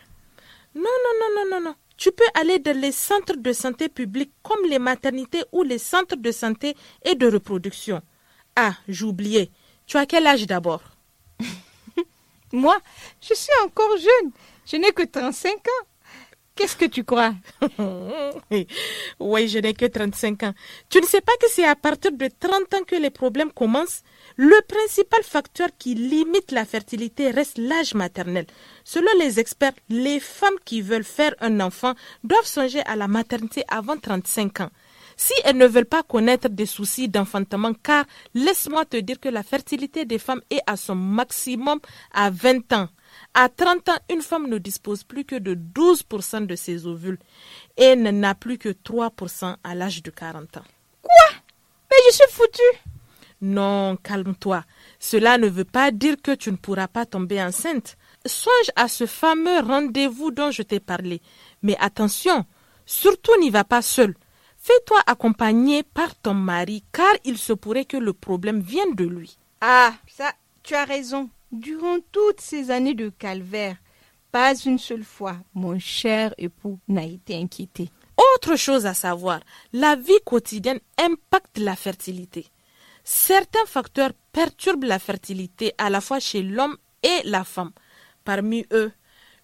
Non, non, non, non, non, non. Tu peux aller dans les centres de santé publics comme les maternités ou les centres de santé et de reproduction. Ah, j'oubliais. Tu as quel âge d'abord Moi, je suis encore jeune. Je n'ai que 35 ans. Qu'est-ce que tu crois Oui, je n'ai que 35 ans. Tu ne sais pas que c'est à partir de 30 ans que les problèmes commencent Le principal facteur qui limite la fertilité reste l'âge maternel. Selon les experts, les femmes qui veulent faire un enfant doivent songer à la maternité avant 35 ans si elles ne veulent pas connaître des soucis d'enfantement, car laisse-moi te dire que la fertilité des femmes est à son maximum à 20 ans. À 30 ans, une femme ne dispose plus que de 12% de ses ovules et n'a plus que 3% à l'âge de 40 ans. Quoi Mais je suis foutue Non, calme-toi. Cela ne veut pas dire que tu ne pourras pas tomber enceinte. Songe à ce fameux rendez-vous dont je t'ai parlé. Mais attention, surtout n'y va pas seule. Fais-toi accompagner par ton mari car il se pourrait que le problème vienne de lui. Ah, ça, tu as raison. Durant toutes ces années de calvaire, pas une seule fois, mon cher époux n'a été inquiété. Autre chose à savoir, la vie quotidienne impacte la fertilité. Certains facteurs perturbent la fertilité à la fois chez l'homme et la femme. Parmi eux,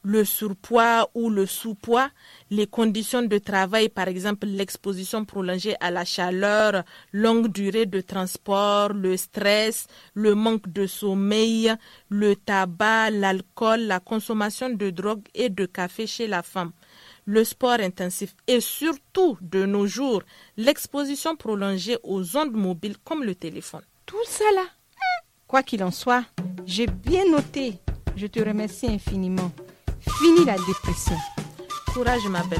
le surpoids ou le sous-poids, les conditions de travail, par exemple l'exposition prolongée à la chaleur, longue durée de transport, le stress, le manque de sommeil, le tabac, l'alcool, la consommation de drogue et de café chez la femme le sport intensif et surtout de nos jours l'exposition prolongée aux ondes mobiles comme le téléphone. Tout cela. Hein, quoi qu'il en soit, j'ai bien noté. Je te remercie infiniment. Fini la dépression. Courage, ma belle.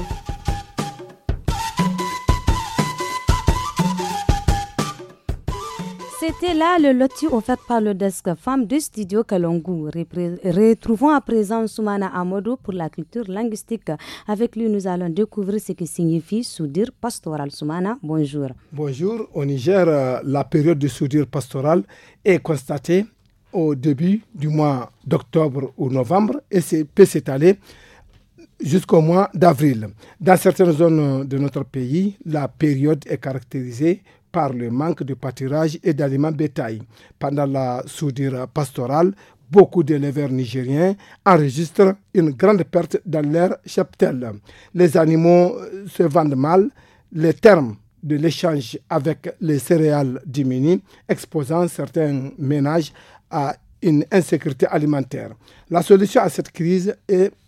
C'était là le loti offert par le desk femme du studio Kalongu. Retrouvons à présent Soumana Amodo pour la culture linguistique. Avec lui, nous allons découvrir ce que signifie soudure pastoral. Soumana, bonjour. Bonjour. Au Niger, euh, la période de soudure pastoral est constatée au début du mois d'octobre ou novembre et peut s'étaler jusqu'au mois d'avril. Dans certaines zones de notre pays, la période est caractérisée par le manque de pâturage et d'aliments bétail. Pendant la soudure pastorale, beaucoup d'éleveurs nigériens enregistrent une grande perte dans leur cheptel. Les animaux se vendent mal, les termes de l'échange avec les céréales diminuent, exposant certains ménages à une insécurité alimentaire. La solution à cette crise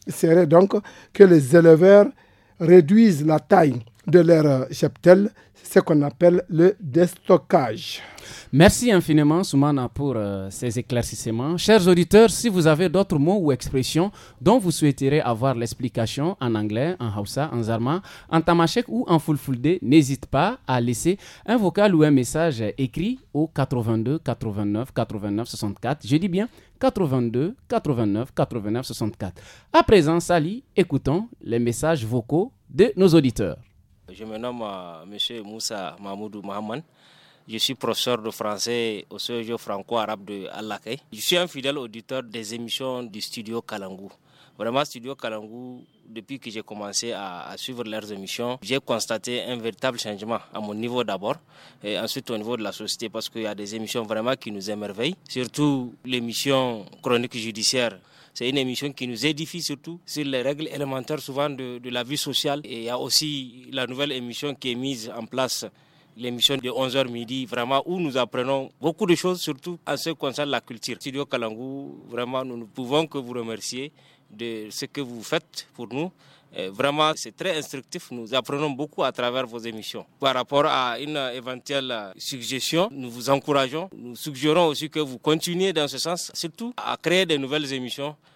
serait donc que les éleveurs réduisent la taille de leur cheptel, ce qu'on appelle le déstockage. Merci infiniment, Soumana, pour euh, ces éclaircissements. Chers auditeurs, si vous avez d'autres mots ou expressions dont vous souhaiterez avoir l'explication en anglais, en Hausa, en Zarma, en Tamashek ou en Fulfulde, n'hésite pas à laisser un vocal ou un message écrit au 82 89 89 64. Je dis bien 82 89 89 64. À présent, Sali, écoutons les messages vocaux de nos auditeurs. Je me nomme euh, M. Moussa Mahmoudou Mahaman. Je suis professeur de français au CEO franco-arabe de Alakay. Je suis un fidèle auditeur des émissions du studio Kalangou. Vraiment, Studio Kalangou, depuis que j'ai commencé à, à, suivre leurs émissions, j'ai constaté un véritable changement à mon niveau d'abord et ensuite au niveau de la société parce qu'il y a des émissions vraiment qui nous émerveillent. Surtout l'émission Chronique judiciaire c'est une émission qui nous édifie surtout sur les règles élémentaires souvent de, la vie sociale. Et il y a aussi la nouvelle émission qui est mise en place l'émission de 11h midi, vraiment où nous apprenons beaucoup de choses, surtout en ce qui concerne la culture. Studio Kalangou, vraiment, nous ne pouvons que vous remercier de ce que vous faites pour nous vraiment, c'est très instructif. Nous apprenons beaucoup à travers vos émissions. Par rapport à une éventuelle suggestion, nous vous encourageons. Nous suggérons aussi que vous continuez dans ce sens, surtout à créer de nouvelles émissions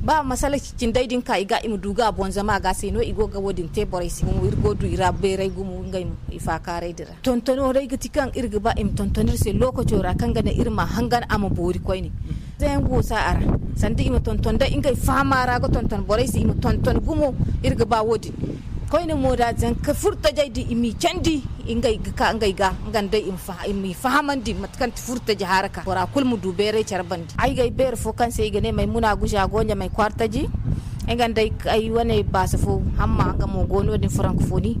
ba masala cikin daidin ka iga imu duga bon zama ga sai no igo ga wodin te borai sin wir godu ira be gumu ngai mu ifa ka dira tontono rai gati kan irga ba im tontonir sai lokaci ra kan gana na irma hangan ama bori koi ne zan go sa ara sandi imu tonton da ingai fama ra ga tonton borai sai imu tonton gumu irga ba wadin koyne moda zan ka furta di imi candi ingai ka ingai ga dai in fa imi fahamandi matkan furta ji haraka bora kulmu du bere charbandi ai gai bere fo kan sai gane mai muna guja gonya mai ingan dai ai wane amma ga ngamo gono din francophonie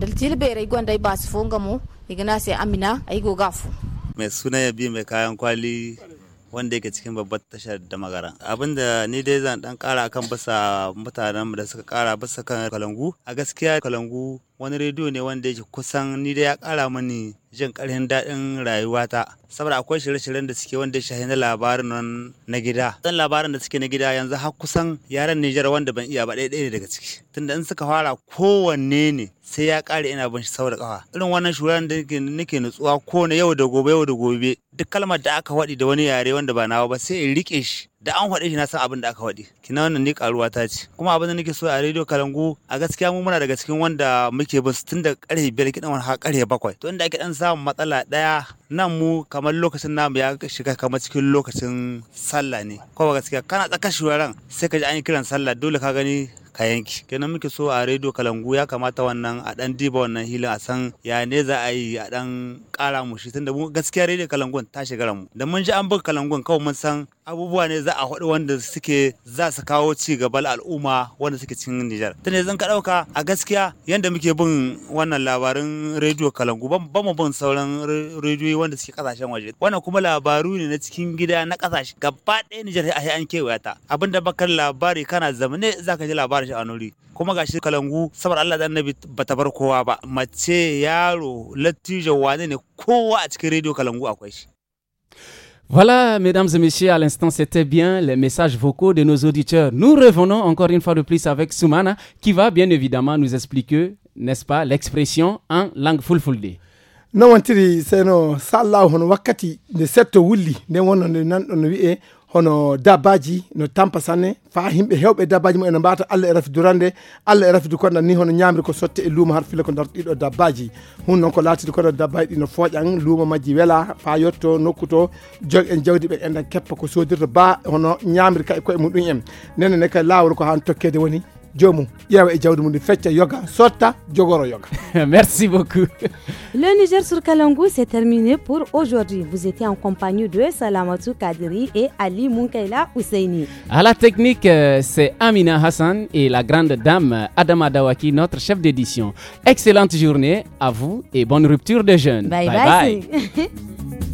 dal tilbere ay gonda fo ga ngamo igana se amina ai go gafu mai suna ya bi mai kayan kwali wanda yake cikin babbar tashar da magara abin da ni dai zan dan kara akan basa mutanen da suka kara basa kan kalangu a gaskiya kalangu wani rediyo ne wanda yake kusan ni dai ya kara mani jin karin daɗin rayuwata saboda akwai shirye-shiryen da suke wanda shahin na labarin nan na gida dan labarin da suke na gida yanzu har kusan yaren Nijar wanda ban iya ba ɗaya ɗaya daga ciki tunda in suka fara kowanne ne sai ya kare ina bin shi saboda ƙafa irin wannan shuran da nake nutsuwa ko na yau da gobe yau da gobe duk kalmar da aka wadi da wani yare wanda ba nawa ba sai in riƙe shi da an faɗe shi na san abin da aka wadi. kina wannan ni karuwa ta ce kuma abin da nake so a rediyo kalangu a gaskiya mu muna daga cikin wanda muke bin tun da ƙarfe biyar kiɗan wani har ƙarfe bakwai to inda ake dan samun matsala ɗaya nan mu kamar lokacin namu ya shiga kamar cikin lokacin sallah ne ko ba gaskiya kana tsaka shuraren sai ka ji an yi kiran sallah dole ka gani ka yanki kenan muke so a rediyo kalangu ya kamata wannan a dan diba wannan hilin a san ya ne za a yi a dan kara mu shi tunda gaskiya rediyo kalangon ta shiga mu da mun ji an buga kalangon kawai mun san abubuwa ne za a haɗu wanda suke za su kawo ci gaban al'umma wanda suke cikin Nijar tunda zan ka dauka a gaskiya yanda muke bin wannan labarin rediyo kalangu ba mu bin sauran rediyoyi wanda suke kasashen waje wannan kuma labaru ne na cikin gida na kasashe gaba ɗaya Nijar sai an kewaya ta abinda bakar labari kana zamane zaka ji labarin shi a nuri kuma gashi kalangu saboda Allah da annabi bata bar kowa ba mace yaro lattijo wane ne kowa a cikin radio kalangu akwai shi Voilà, mesdames et messieurs, à l'instant, c'était bien les messages vocaux de nos auditeurs. Nous revenons encore une fois de plus avec Soumana, qui va bien évidemment nous expliquer, n'est-ce pas, l'expression en langue fulfulde. Non, on tiri, c'est non, ça là, on wakati, de cette wulli, de on on on hono dabbaji no tampa sanne fa himɓe hewɓe dabbaji mum ene mbata allah e rafidurande allah e rafidu konɗan ni hono ñamri ko sotte e luuma har fila ko darto ɗiɗo dabbaji hun noon ko laatide koɗa dabbaji ɗi no fooƴan luuma majji weela fa yetto nokku to jog en jawdi ɓe enden keppa ko sodirta ba hono ñamri kay koye mum ɗum en nene ne kay lawol ko han tokkede woni E merci beaucoup le niger sur kalangu c'est terminé pour aujourd'hui vous étiez en compagnie de salamatou kadiri et ali munkaila Ousseini. à la technique euh, c'est amina hassan et la grande dame adama dawaki notre chef d'édition excellente journée à vous et bonne rupture de jeûne bye. bye.